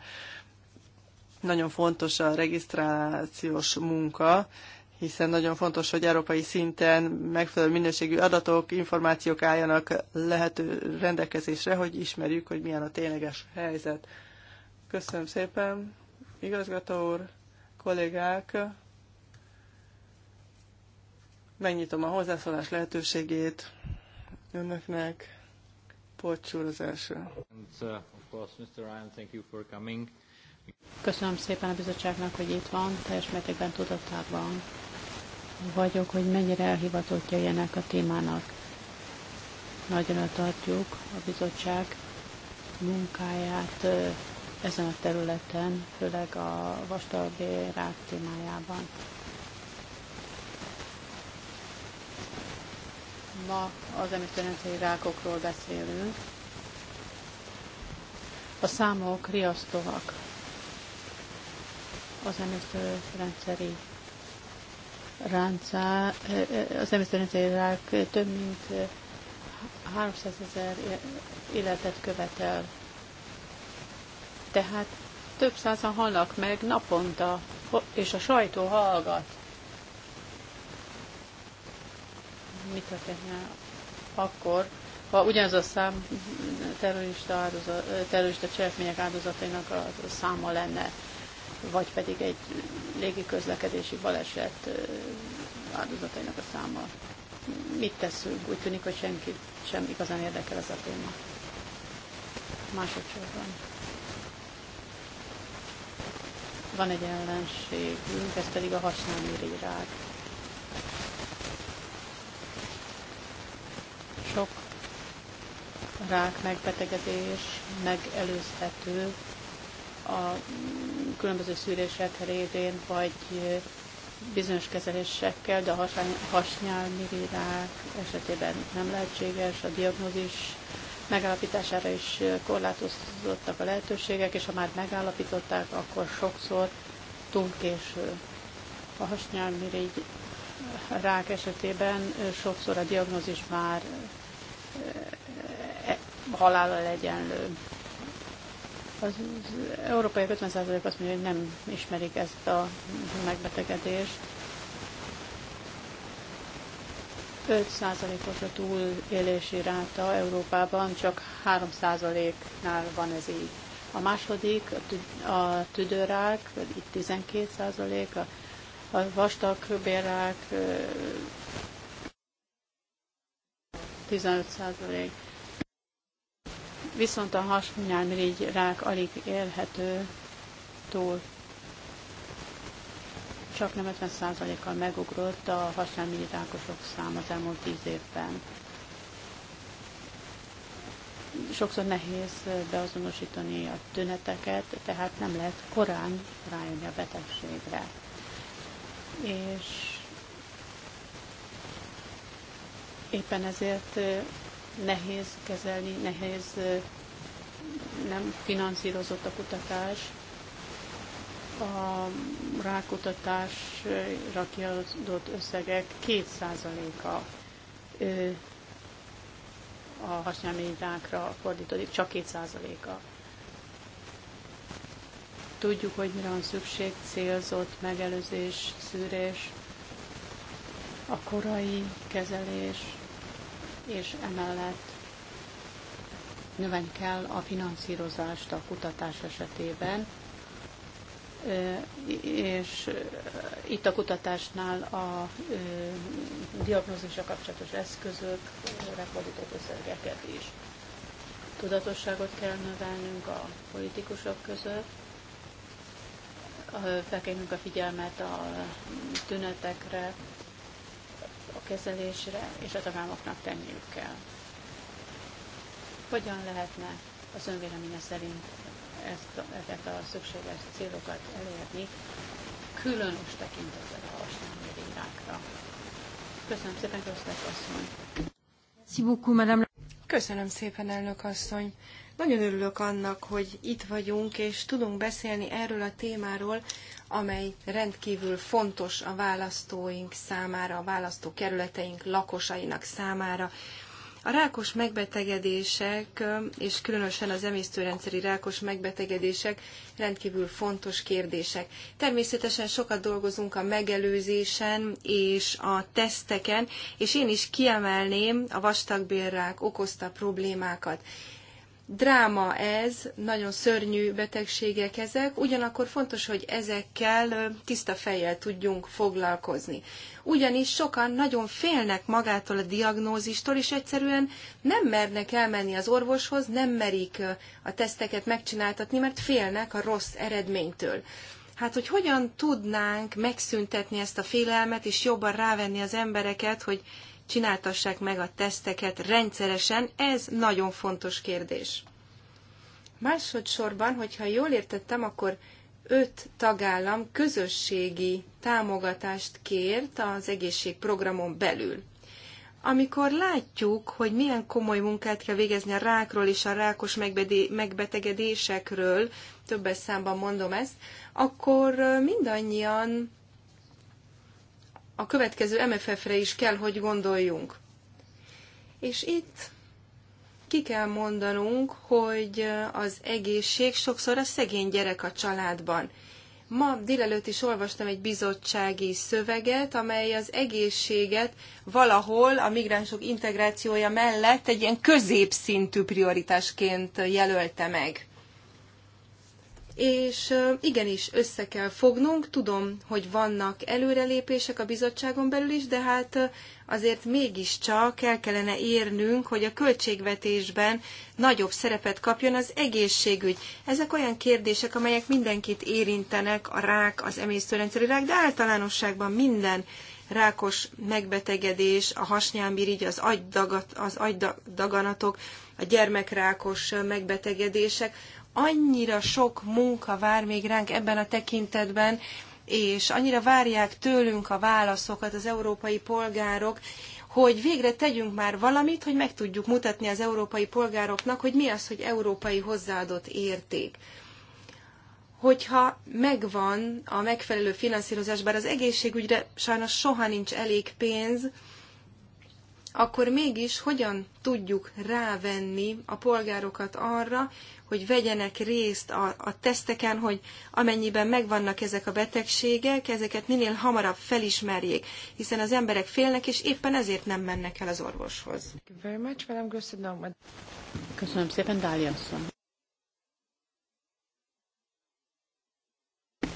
Speaker 1: Nagyon fontos a regisztrációs munka, hiszen nagyon fontos, hogy európai szinten megfelelő minőségű adatok, információk álljanak lehető rendelkezésre, hogy ismerjük, hogy milyen a tényleges helyzet. Köszönöm szépen, igazgató úr, kollégák! Megnyitom a hozzászólás lehetőségét
Speaker 2: önöknek. Pocsúr az első. And, uh, of course, Mr. Ryan, thank you for coming. Köszönöm szépen a bizottságnak, hogy itt van, teljes mértékben tudatában vagyok, hogy mennyire elhivatottja ilyenek a témának. Nagyon tartjuk a bizottság munkáját ezen a területen, főleg a rák témájában. Ma az emisztőrendszeri rákokról beszélünk. A számok riasztóak az emésztőrendszeri ráncá, az emésztőrendszeri rák több mint 300 ezer életet követel. Tehát több százan halnak meg naponta, és a sajtó hallgat. Mit történne akkor, ha ugyanaz a szám terrorista, áldozat, terrorista cselekmények áldozatainak a száma lenne? vagy pedig egy légiközlekedési baleset áldozatainak a száma. Mit teszünk? Úgy tűnik, hogy senki sem igazán érdekel ez a téma. Másodszorban. Van egy ellenségünk, ez pedig a hasnáméré rák. Sok rák megbetegedés megelőzhető a különböző szűrések révén, vagy bizonyos kezelésekkel, de a hasnyálmirírák esetében nem lehetséges, a diagnózis megállapítására is korlátozottak a lehetőségek, és ha már megállapították, akkor sokszor túl késő. A hasnyálmirigy rák esetében sokszor a diagnózis már e, e, halállal egyenlő. Az európai 50 azt mondja, hogy nem ismerik ezt a megbetegedést. 5%-os a túlélési ráta Európában, csak 3%-nál van ez így. A második a tüdőrák, itt 12 a, a vastagbérrák 15 viszont a hasnyálmirigy rák alig élhető túl. Csak nem 50%-kal megugrott a hasnyálmirigy rákosok száma az elmúlt 10 évben. Sokszor nehéz beazonosítani a tüneteket, tehát nem lehet korán rájönni a betegségre. És éppen ezért nehéz kezelni, nehéz, nem finanszírozott a kutatás, a rákutatásra kiadott összegek 2%-a a hasnyálmény rákra fordítódik, csak 2%-a. Tudjuk, hogy mire van szükség, célzott megelőzés, szűrés, a korai kezelés, és emellett növelni kell a finanszírozást a kutatás esetében, és itt a kutatásnál a diagnózisra kapcsolatos eszközök, rekordított összegeket is. Tudatosságot kell növelnünk a politikusok között, felkérnünk a figyelmet a tünetekre, kezelésre, és a tagállamoknak tenniük kell. Hogyan lehetne az önvéleménye szerint ezt, ezeket a szükséges célokat elérni, különös tekintettel a használni virágra. Köszönöm szépen, Köszönöm
Speaker 3: asszony! Köszönöm szépen, elnök asszony! Nagyon örülök annak, hogy itt vagyunk, és tudunk beszélni erről a témáról, amely rendkívül fontos a választóink számára, a választókerületeink lakosainak számára. A rákos megbetegedések, és különösen az emésztőrendszeri rákos megbetegedések rendkívül fontos kérdések. Természetesen sokat dolgozunk a megelőzésen és a teszteken, és én is kiemelném a vastagbélrák okozta problémákat. Dráma ez, nagyon szörnyű betegségek ezek, ugyanakkor fontos, hogy ezekkel tiszta fejjel tudjunk foglalkozni. Ugyanis sokan nagyon félnek magától a diagnózistól, és egyszerűen nem mernek elmenni az orvoshoz, nem merik a teszteket megcsináltatni, mert félnek a rossz eredménytől. Hát, hogy hogyan tudnánk megszüntetni ezt a félelmet, és jobban rávenni az embereket, hogy csináltassák meg a teszteket rendszeresen, ez nagyon fontos kérdés. Másodszorban, hogyha jól értettem, akkor öt tagállam közösségi támogatást kért az egészségprogramon belül. Amikor látjuk, hogy milyen komoly munkát kell végezni a rákról és a rákos megbetegedésekről, többes számban mondom ezt, akkor mindannyian a következő MFF-re is kell, hogy gondoljunk. És itt ki kell mondanunk, hogy az egészség sokszor a szegény gyerek a családban. Ma délelőtt is olvastam egy bizottsági szöveget, amely az egészséget valahol a migránsok integrációja mellett egy ilyen középszintű prioritásként jelölte meg és igenis össze kell fognunk, tudom, hogy vannak előrelépések a bizottságon belül is, de hát azért mégiscsak el kellene érnünk, hogy a költségvetésben nagyobb szerepet kapjon az egészségügy. Ezek olyan kérdések, amelyek mindenkit érintenek, a rák, az emésztőrendszeri rák, de általánosságban minden rákos megbetegedés, a hasnyálmirigy, az, agydagat, az agydaganatok, a gyermekrákos megbetegedések, annyira sok munka vár még ránk ebben a tekintetben, és annyira várják tőlünk a válaszokat az európai polgárok, hogy végre tegyünk már valamit, hogy meg tudjuk mutatni az európai polgároknak, hogy mi az, hogy európai hozzáadott érték hogyha megvan a megfelelő finanszírozás, bár az egészségügyre sajnos soha nincs elég pénz, akkor mégis hogyan tudjuk rávenni a polgárokat arra, hogy vegyenek részt a, a teszteken, hogy amennyiben megvannak ezek a betegségek, ezeket minél hamarabb felismerjék, hiszen az emberek félnek, és éppen ezért nem mennek el az orvoshoz.
Speaker 2: Köszönöm szépen, Dália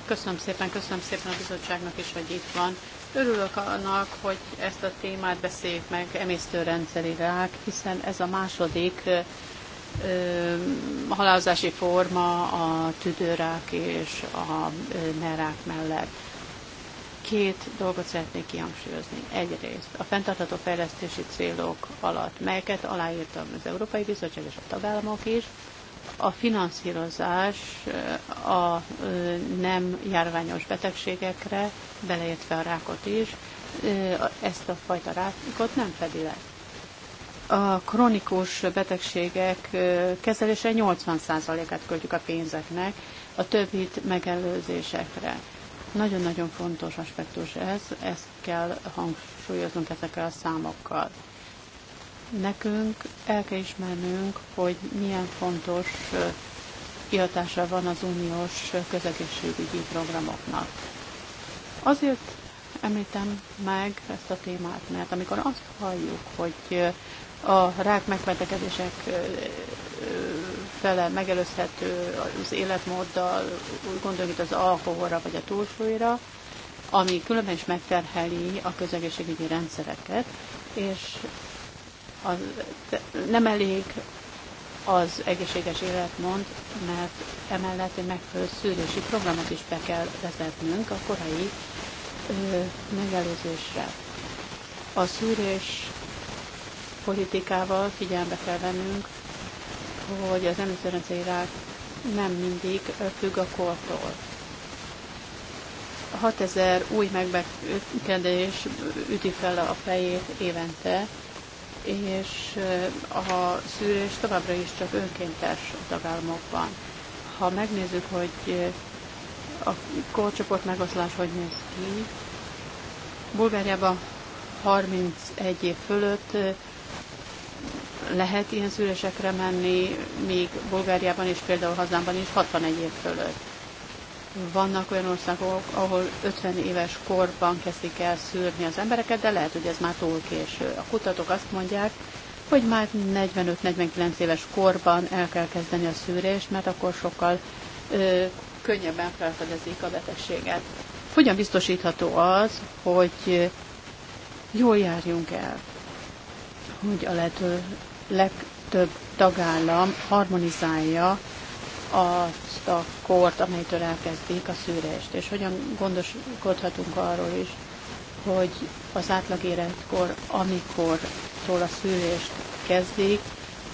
Speaker 2: Köszönöm szépen, köszönöm szépen a bizottságnak is, hogy itt van. Örülök annak, hogy ezt a témát beszéljük meg, emésztőrendszeri rák, hiszen ez a második ö, halálozási forma a tüdőrák és a nerák mellett. Két dolgot szeretnék kihangsúlyozni. Egyrészt a fenntartható fejlesztési célok alatt, melyeket aláírtam az Európai Bizottság és a tagállamok is, a finanszírozás a nem járványos betegségekre, beleértve a rákot is, ezt a fajta rákot nem fedi le. A kronikus betegségek kezelése 80%-át költjük a pénzeknek, a többit megelőzésekre. Nagyon-nagyon fontos aspektus ez, ezt kell hangsúlyoznunk ezekkel a számokkal nekünk el kell ismernünk, hogy milyen fontos kihatása van az uniós közegészségügyi programoknak. Azért említem meg ezt a témát, mert amikor azt halljuk, hogy a rák megbetegedések fele megelőzhető az életmóddal, úgy gondoljuk itt az alkoholra vagy a túlsúlyra, ami különben is megterheli a közegészségügyi rendszereket, és az, nem elég az egészséges életmond, mert emellett egy megfelelő szűrési programot is be kell vezetnünk a korai ö, megelőzésre. A szűrés politikával figyelembe kell vennünk, hogy az emlőszerencei rák nem mindig függ a kortól. 6000 új megbetegedés üti fel a fejét évente, és eh, a szűrés továbbra is csak önkéntes a tagállamokban. Ha megnézzük, hogy eh, a korcsoport megoszlás hogy néz ki, Bulgáriában 31 év fölött eh, lehet ilyen szűrésekre menni, még Bulgáriában és például hazámban is 61 év fölött. Vannak olyan országok, ahol 50 éves korban kezdik el szűrni az embereket, de lehet, hogy ez már túl késő. A kutatók azt mondják, hogy már 45-49 éves korban el kell kezdeni a szűrést, mert akkor sokkal ö, könnyebben felfedezik a betegséget. Hogyan biztosítható az, hogy jól járjunk el, hogy a lehető legtöbb tagállam harmonizálja azt a kort, amelytől elkezdik a szűrést, és hogyan gondoskodhatunk arról is, hogy az átlag életkor, amikor tól a szűrést kezdik,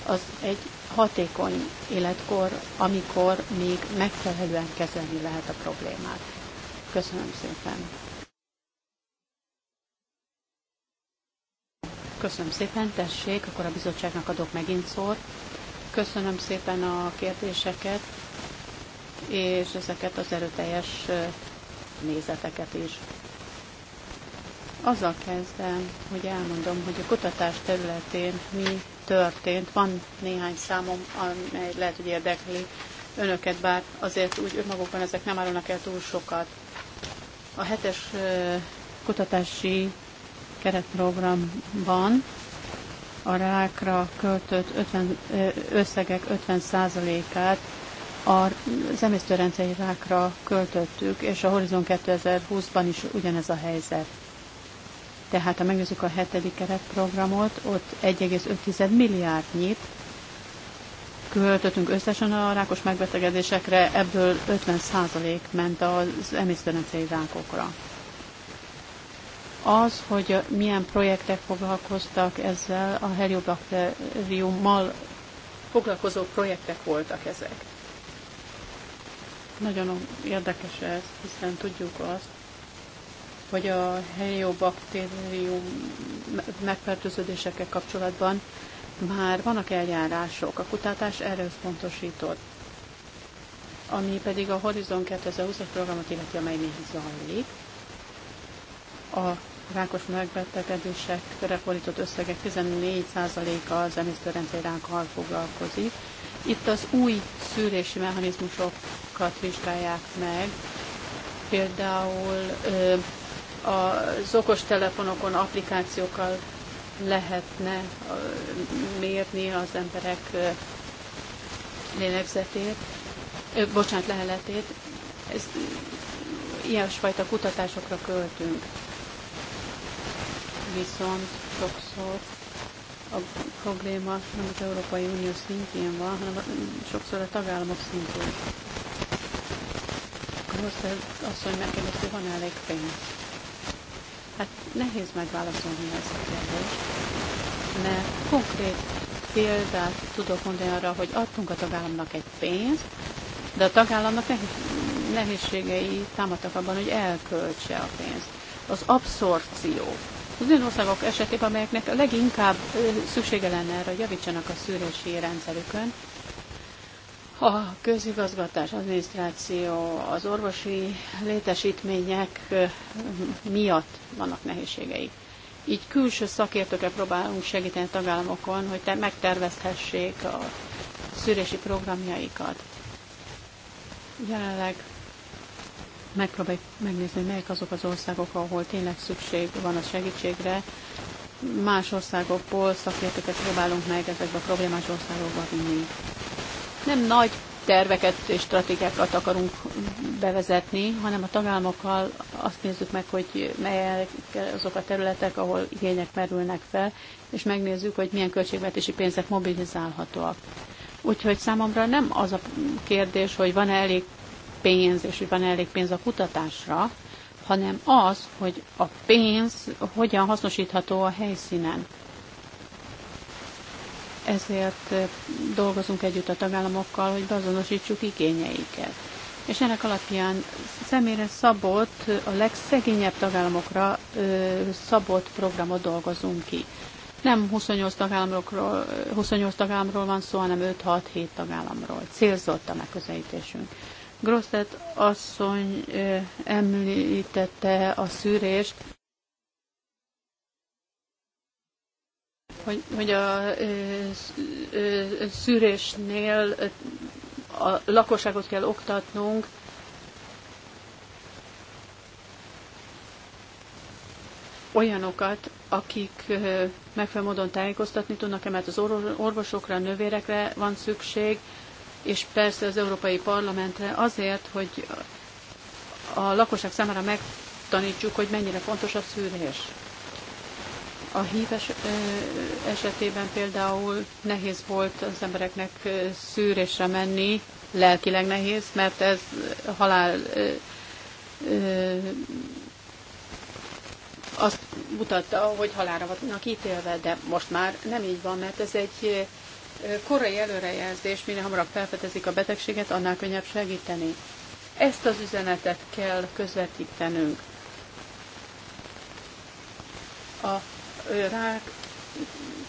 Speaker 2: az egy hatékony életkor, amikor még megfelelően kezelni lehet a problémát. Köszönöm szépen! Köszönöm szépen, tessék, akkor a bizottságnak adok megint szót. Köszönöm szépen a kérdéseket, és ezeket az erőteljes nézeteket is. Azzal kezdem, hogy elmondom, hogy a kutatás területén mi történt. Van néhány számom, amely lehet, hogy érdekli önöket, bár azért úgy önmagukban ezek nem állnak el túl sokat. A hetes kutatási keretprogramban a rákra költött 50, összegek 50%-át a emésztőrendszeri rákra költöttük, és a Horizon 2020-ban is ugyanez a helyzet. Tehát ha megnézzük a hetedik keretprogramot, ott 1,5 milliárdnyit költöttünk összesen a rákos megbetegedésekre, ebből 50% ment az emésztőrendszeri rákokra az, hogy milyen projektek foglalkoztak ezzel, a heliobakteriummal foglalkozó projektek voltak ezek. Nagyon érdekes ez, hiszen tudjuk azt, hogy a heliobakterium megfertőződésekkel kapcsolatban már vannak eljárások. A kutatás erre összpontosított. Ami pedig a Horizon 2020 programot illeti, amely még zajlik, a rákos megbetegedésekre fordított összegek 14%-a az rákkal foglalkozik. Itt az új szűrési mechanizmusokat vizsgálják meg, például az okostelefonokon applikációkkal lehetne mérni az emberek lélegzetét, bocsánat, leheletét. Ez, ilyesfajta kutatásokra költünk viszont sokszor a probléma nem az Európai Unió szintjén van, hanem sokszor a tagállamok szintjén. Grosszett asszony megkérdezte, van elég pénz. Hát nehéz megválaszolni ezt a kérdést, mert konkrét példát tudok mondani arra, hogy adtunk a tagállamnak egy pénzt, de a tagállamnak nehézségei támadtak abban, hogy elköltse a pénzt. Az abszorció az olyan országok esetében, amelyeknek a leginkább szüksége lenne erre, hogy javítsanak a szűrési rendszerükön, a közigazgatás, adminisztráció, az orvosi létesítmények miatt vannak nehézségeik. Így külső szakértőkre próbálunk segíteni a tagállamokon, hogy megtervezhessék a szűrési programjaikat. Jelenleg megpróbáljuk megnézni, hogy melyek azok az országok, ahol tényleg szükség van a segítségre. Más országokból szakértőket próbálunk meg ezekbe a problémás országokba vinni. Nem nagy terveket és stratégiákat akarunk bevezetni, hanem a tagállamokkal azt nézzük meg, hogy melyek azok a területek, ahol igények merülnek fel, és megnézzük, hogy milyen költségvetési pénzek mobilizálhatóak. Úgyhogy számomra nem az a kérdés, hogy van-e elég pénz, és hogy van elég pénz a kutatásra, hanem az, hogy a pénz hogyan hasznosítható a helyszínen. Ezért dolgozunk együtt a tagállamokkal, hogy beazonosítsuk igényeiket. És ennek alapján személyre szabott, a legszegényebb tagállamokra szabott programot dolgozunk ki. Nem 28 tagállamról, 28 tagállamról van szó, hanem 5-6-7 tagállamról. Célzott a megközelítésünk. Grosztet asszony említette a szűrést, hogy, hogy a szűrésnél a lakosságot kell oktatnunk, olyanokat, akik megfelelő módon tájékoztatni tudnak, mert az orvosokra, nővérekre van szükség, és persze az Európai Parlamentre azért, hogy a lakosság számára megtanítsuk, hogy mennyire fontos a szűrés. A hív esetében például nehéz volt az embereknek szűrésre menni, lelkileg nehéz, mert ez halál azt mutatta, hogy halára vannak ítélve, de most már nem így van, mert ez egy korai előrejelzés, minél hamarabb felfedezik a betegséget, annál könnyebb segíteni. Ezt az üzenetet kell közvetítenünk. A rák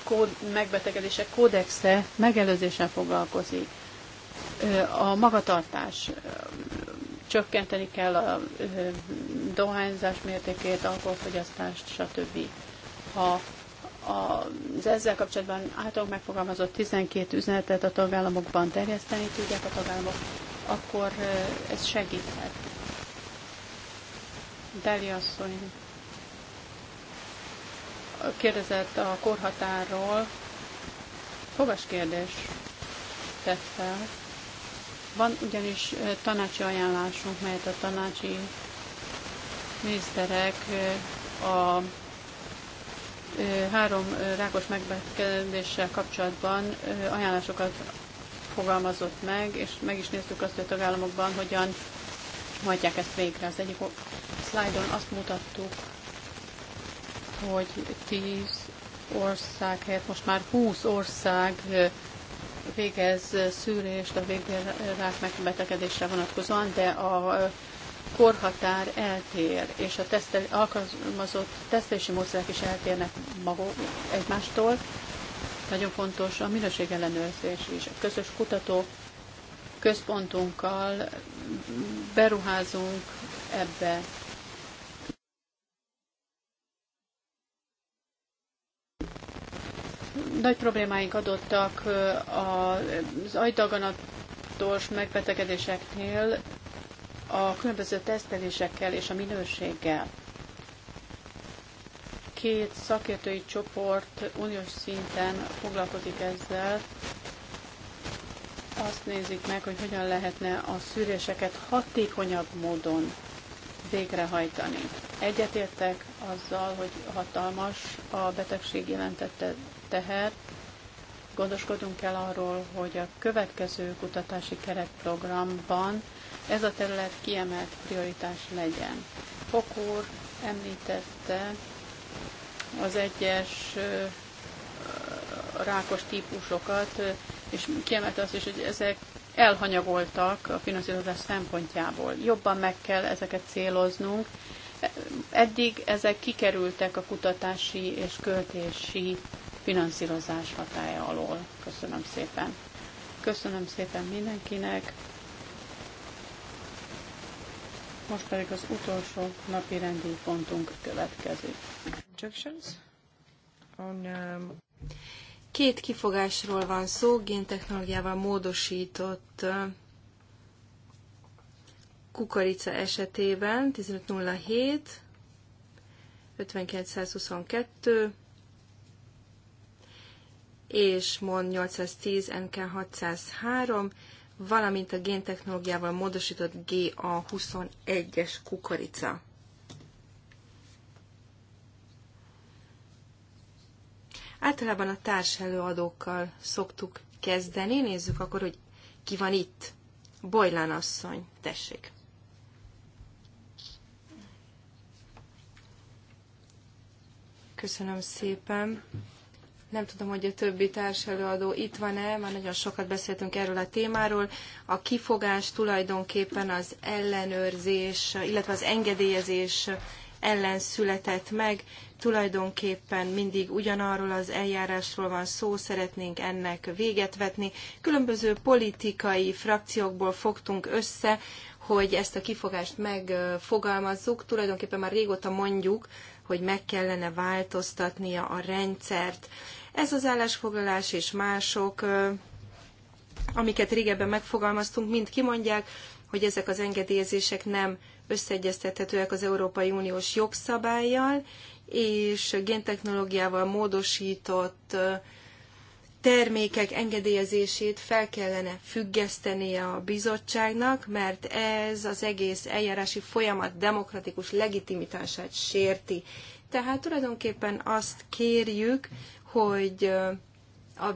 Speaker 2: kód, megbetegedések kódexe megelőzésen foglalkozik. A magatartás csökkenteni kell a dohányzás mértékét, alkoholfogyasztást, stb. Ha az ezzel kapcsolatban általunk megfogalmazott 12 üzenetet a tagállamokban terjeszteni tudják a tagállamok, akkor ez segíthet. Deli asszony kérdezett a korhatárról, fogas kérdés tett fel. Van ugyanis tanácsi ajánlásunk, melyet a tanácsi miniszterek a három rákos megbetegedéssel kapcsolatban ajánlásokat fogalmazott meg, és meg is néztük azt, hogy a tagállamokban hogyan hagyják ezt végre. Az egyik szlájdon azt mutattuk, hogy 10 ország helyett most már 20 ország végez szűrést a rák megbetegedésre vonatkozóan, de a korhatár eltér, és a tesztel, alkalmazott tesztelési módszerek is eltérnek maguk egymástól. Nagyon fontos a minőségellenőrzés is. A közös kutató központunkkal beruházunk ebbe. Nagy problémáink adottak az agydaganatos megbetegedéseknél, a különböző tesztelésekkel és a minőséggel. Két szakértői csoport uniós szinten foglalkozik ezzel, azt nézik meg, hogy hogyan lehetne a szűréseket hatékonyabb módon végrehajtani. Egyetértek azzal, hogy hatalmas a betegség jelentette teher. Gondoskodunk kell arról, hogy a következő kutatási keretprogramban ez a terület kiemelt prioritás legyen. Fok úr említette az egyes rákos típusokat, és kiemelte azt is, hogy ezek elhanyagoltak a finanszírozás szempontjából. Jobban meg kell ezeket céloznunk. Eddig ezek kikerültek a kutatási és költési finanszírozás hatája alól. Köszönöm szépen. Köszönöm szépen mindenkinek. Most pedig az utolsó napi rendi pontunk következik.
Speaker 3: Um, Két kifogásról van szó, géntechnológiával módosított uh, kukorica esetében 1507, 5922, és MON 810, NK 603, valamint a géntechnológiával módosított GA21-es kukorica. Általában a előadókkal szoktuk kezdeni. Nézzük akkor, hogy ki van itt. Bojlán asszony, tessék. Köszönöm szépen. Nem tudom, hogy a többi társelőadó itt van-e, már nagyon sokat beszéltünk erről a témáról. A kifogás tulajdonképpen az ellenőrzés, illetve az engedélyezés ellen született meg. Tulajdonképpen mindig ugyanarról az eljárásról van szó, szeretnénk ennek véget vetni. Különböző politikai frakciókból fogtunk össze, hogy ezt a kifogást megfogalmazzuk. Tulajdonképpen már régóta mondjuk, hogy meg kellene változtatnia a rendszert. Ez az állásfoglalás és mások, amiket régebben megfogalmaztunk, mind kimondják, hogy ezek az engedélyezések nem összeegyeztethetőek az Európai Uniós jogszabályjal, és géntechnológiával módosított termékek engedélyezését fel kellene függesztenie a bizottságnak, mert ez az egész eljárási folyamat demokratikus legitimitását sérti. Tehát tulajdonképpen azt kérjük, hogy a,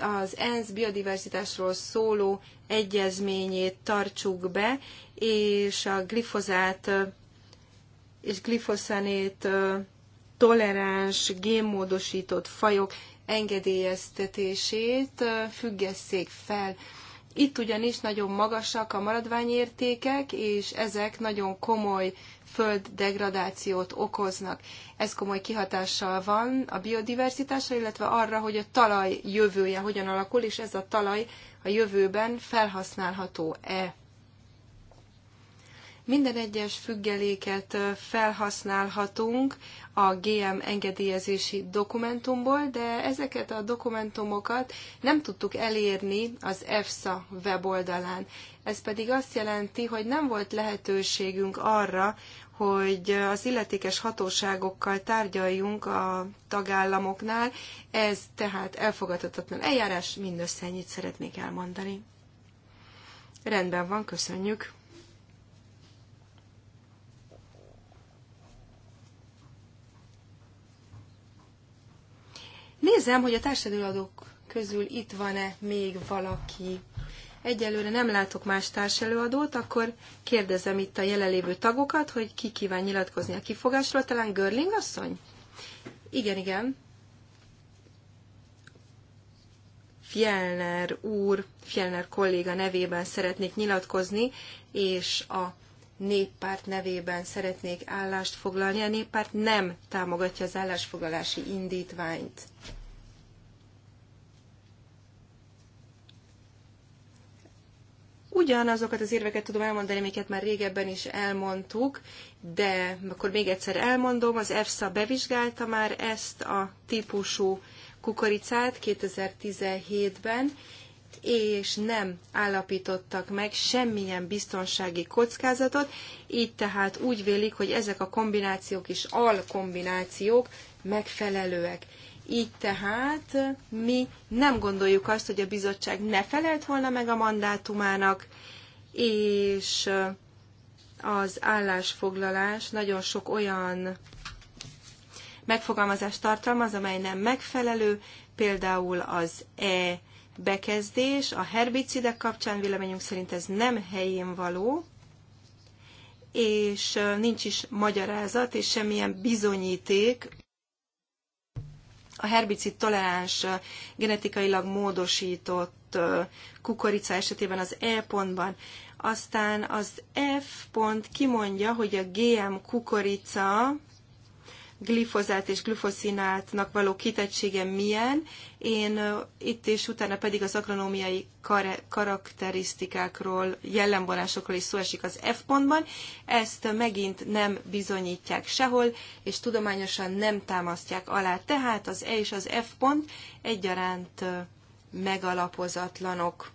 Speaker 3: az ENSZ biodiverzitásról szóló egyezményét tartsuk be, és a glifozát és glifoszanét toleráns génmódosított fajok engedélyeztetését függesszék fel. Itt ugyanis nagyon magasak a maradványértékek, és ezek nagyon komoly földdegradációt okoznak. Ez komoly kihatással van a biodiverzitásra, illetve arra, hogy a talaj jövője hogyan alakul, és ez a talaj a jövőben felhasználható-e. Minden egyes függeléket felhasználhatunk a GM engedélyezési dokumentumból, de ezeket a dokumentumokat nem tudtuk elérni az EFSA weboldalán. Ez pedig azt jelenti, hogy nem volt lehetőségünk arra, hogy az illetékes hatóságokkal tárgyaljunk a tagállamoknál. Ez tehát elfogadhatatlan eljárás, mindössze ennyit szeretnék elmondani. Rendben van, köszönjük. Nézem, hogy a társelőadók közül itt van-e még valaki. Egyelőre nem látok más társelőadót, akkor kérdezem itt a jelenlévő tagokat, hogy ki kíván nyilatkozni a kifogásról. Talán Görling asszony? Igen, igen. Fjellner úr, Fjellner kolléga nevében szeretnék nyilatkozni, és a néppárt nevében szeretnék állást foglalni. A néppárt nem támogatja az állásfoglalási indítványt. Ugyanazokat az érveket tudom elmondani, amiket már régebben is elmondtuk, de akkor még egyszer elmondom, az EFSA bevizsgálta már ezt a típusú kukoricát 2017-ben, és nem állapítottak meg semmilyen biztonsági kockázatot, így tehát úgy vélik, hogy ezek a kombinációk is alkombinációk megfelelőek. Így tehát mi nem gondoljuk azt, hogy a bizottság ne felelt volna meg a mandátumának, és az állásfoglalás nagyon sok olyan megfogalmazást tartalmaz, amely nem megfelelő, például az E bekezdés, a herbicidek kapcsán véleményünk szerint ez nem helyén való, és nincs is magyarázat, és semmilyen bizonyíték a herbicid toleráns, genetikailag módosított kukorica esetében az E pontban. Aztán az F pont kimondja, hogy a GM kukorica glifozát és glifoszinátnak való kitettsége milyen. Én itt és utána pedig az agronómiai kar- karakterisztikákról, jellemvonásokról is szó esik az F pontban. Ezt megint nem bizonyítják sehol, és tudományosan nem támasztják alá. Tehát az E és az F pont egyaránt megalapozatlanok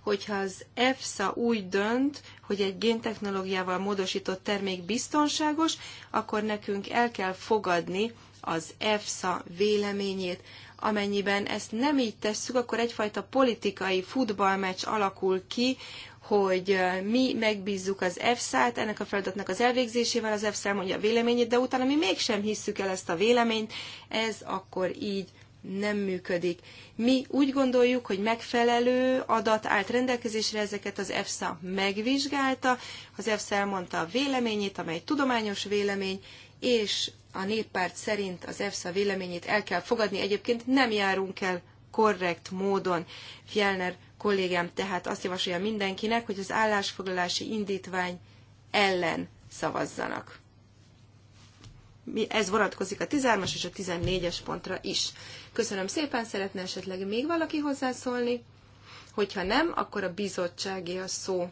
Speaker 3: hogyha az EFSA úgy dönt, hogy egy géntechnológiával módosított termék biztonságos, akkor nekünk el kell fogadni az EFSA véleményét. Amennyiben ezt nem így tesszük, akkor egyfajta politikai futballmeccs alakul ki, hogy mi megbízzuk az EFSA-t, ennek a feladatnak az elvégzésével az EFSA mondja a véleményét, de utána mi mégsem hisszük el ezt a véleményt, ez akkor így nem működik. Mi úgy gondoljuk, hogy megfelelő adat állt rendelkezésre, ezeket az EFSA megvizsgálta, az EFSA elmondta a véleményét, amely tudományos vélemény, és a néppárt szerint az EFSA véleményét el kell fogadni, egyébként nem járunk el korrekt módon. Fjellner kollégám tehát azt javasolja mindenkinek, hogy az állásfoglalási indítvány ellen szavazzanak. Ez vonatkozik a 13-as és a 14-es pontra is. Köszönöm szépen, szeretne esetleg még valaki hozzászólni? Hogyha nem, akkor a bizottsági a szó.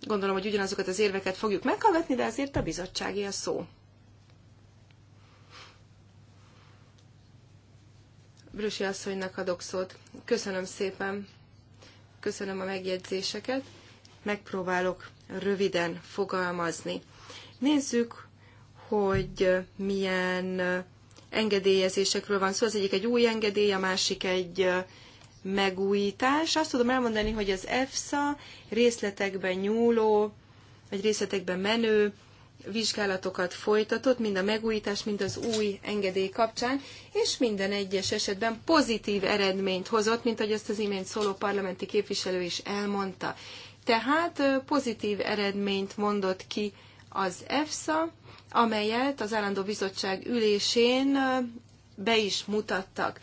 Speaker 3: Gondolom, hogy ugyanazokat az érveket fogjuk meghallgatni, de azért a bizottsági a szó. Brüsi asszonynak adok szót. Köszönöm szépen. Köszönöm a megjegyzéseket. Megpróbálok röviden fogalmazni. Nézzük, hogy milyen engedélyezésekről van szó. Az egyik egy új engedély, a másik egy megújítás. Azt tudom elmondani, hogy az EFSA részletekben nyúló, vagy részletekben menő vizsgálatokat folytatott, mind a megújítás, mind az új engedély kapcsán, és minden egyes esetben pozitív eredményt hozott, mint ahogy ezt az imént szóló parlamenti képviselő is elmondta. Tehát pozitív eredményt mondott ki az EFSA, amelyet az állandó bizottság ülésén be is mutattak.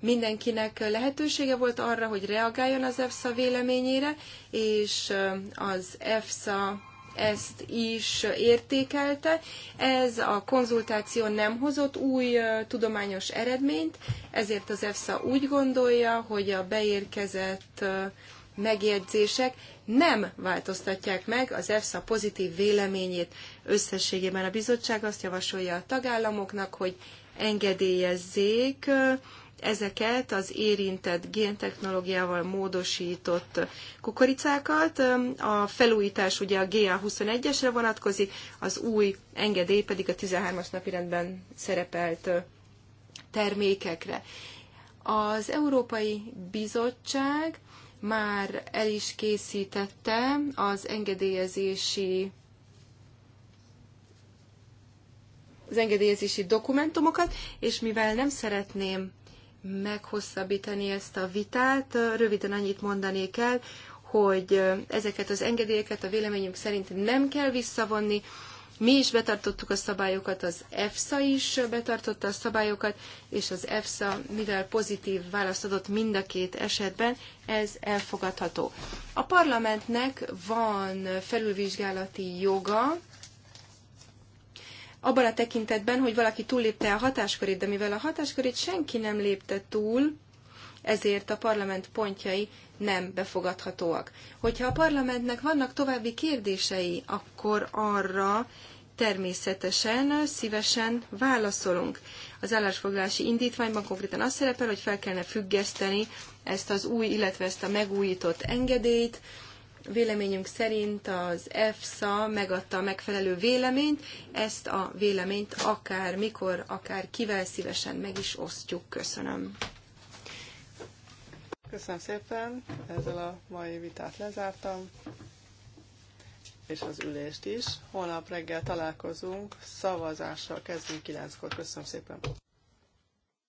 Speaker 3: Mindenkinek lehetősége volt arra, hogy reagáljon az EFSA véleményére, és az EFSA ezt is értékelte. Ez a konzultáció nem hozott új tudományos eredményt, ezért az EFSA úgy gondolja, hogy a beérkezett megjegyzések nem változtatják meg az EFSA pozitív véleményét. Összességében a bizottság azt javasolja a tagállamoknak, hogy engedélyezzék ezeket az érintett géntechnológiával módosított kukoricákat. A felújítás ugye a GA21-esre vonatkozik, az új engedély pedig a 13-as napirendben szerepelt termékekre. Az Európai Bizottság már el is készítette az engedélyezési az engedélyezési dokumentumokat, és mivel nem szeretném meghosszabbítani ezt a vitát, röviden annyit mondanék el, hogy ezeket az engedélyeket a véleményünk szerint nem kell visszavonni, mi is betartottuk a szabályokat, az EFSA is betartotta a szabályokat, és az EFSA, mivel pozitív választ adott mind a két esetben, ez elfogadható. A parlamentnek van felülvizsgálati joga, abban a tekintetben, hogy valaki túllépte a hatáskörét, de mivel a hatáskörét senki nem lépte túl, ezért a parlament pontjai nem befogadhatóak. Hogyha a parlamentnek vannak további kérdései, akkor arra természetesen szívesen válaszolunk. Az állásfoglalási indítványban konkrétan az szerepel, hogy fel kellene függeszteni ezt az új, illetve ezt a megújított engedélyt. Véleményünk szerint az EFSA megadta a megfelelő véleményt, ezt a véleményt akár mikor, akár kivel szívesen meg is osztjuk. Köszönöm.
Speaker 1: Köszönöm szépen, ezzel a mai vitát lezártam, és az ülést is. Holnap reggel találkozunk, szavazással kezdünk 9-kor. Köszönöm szépen.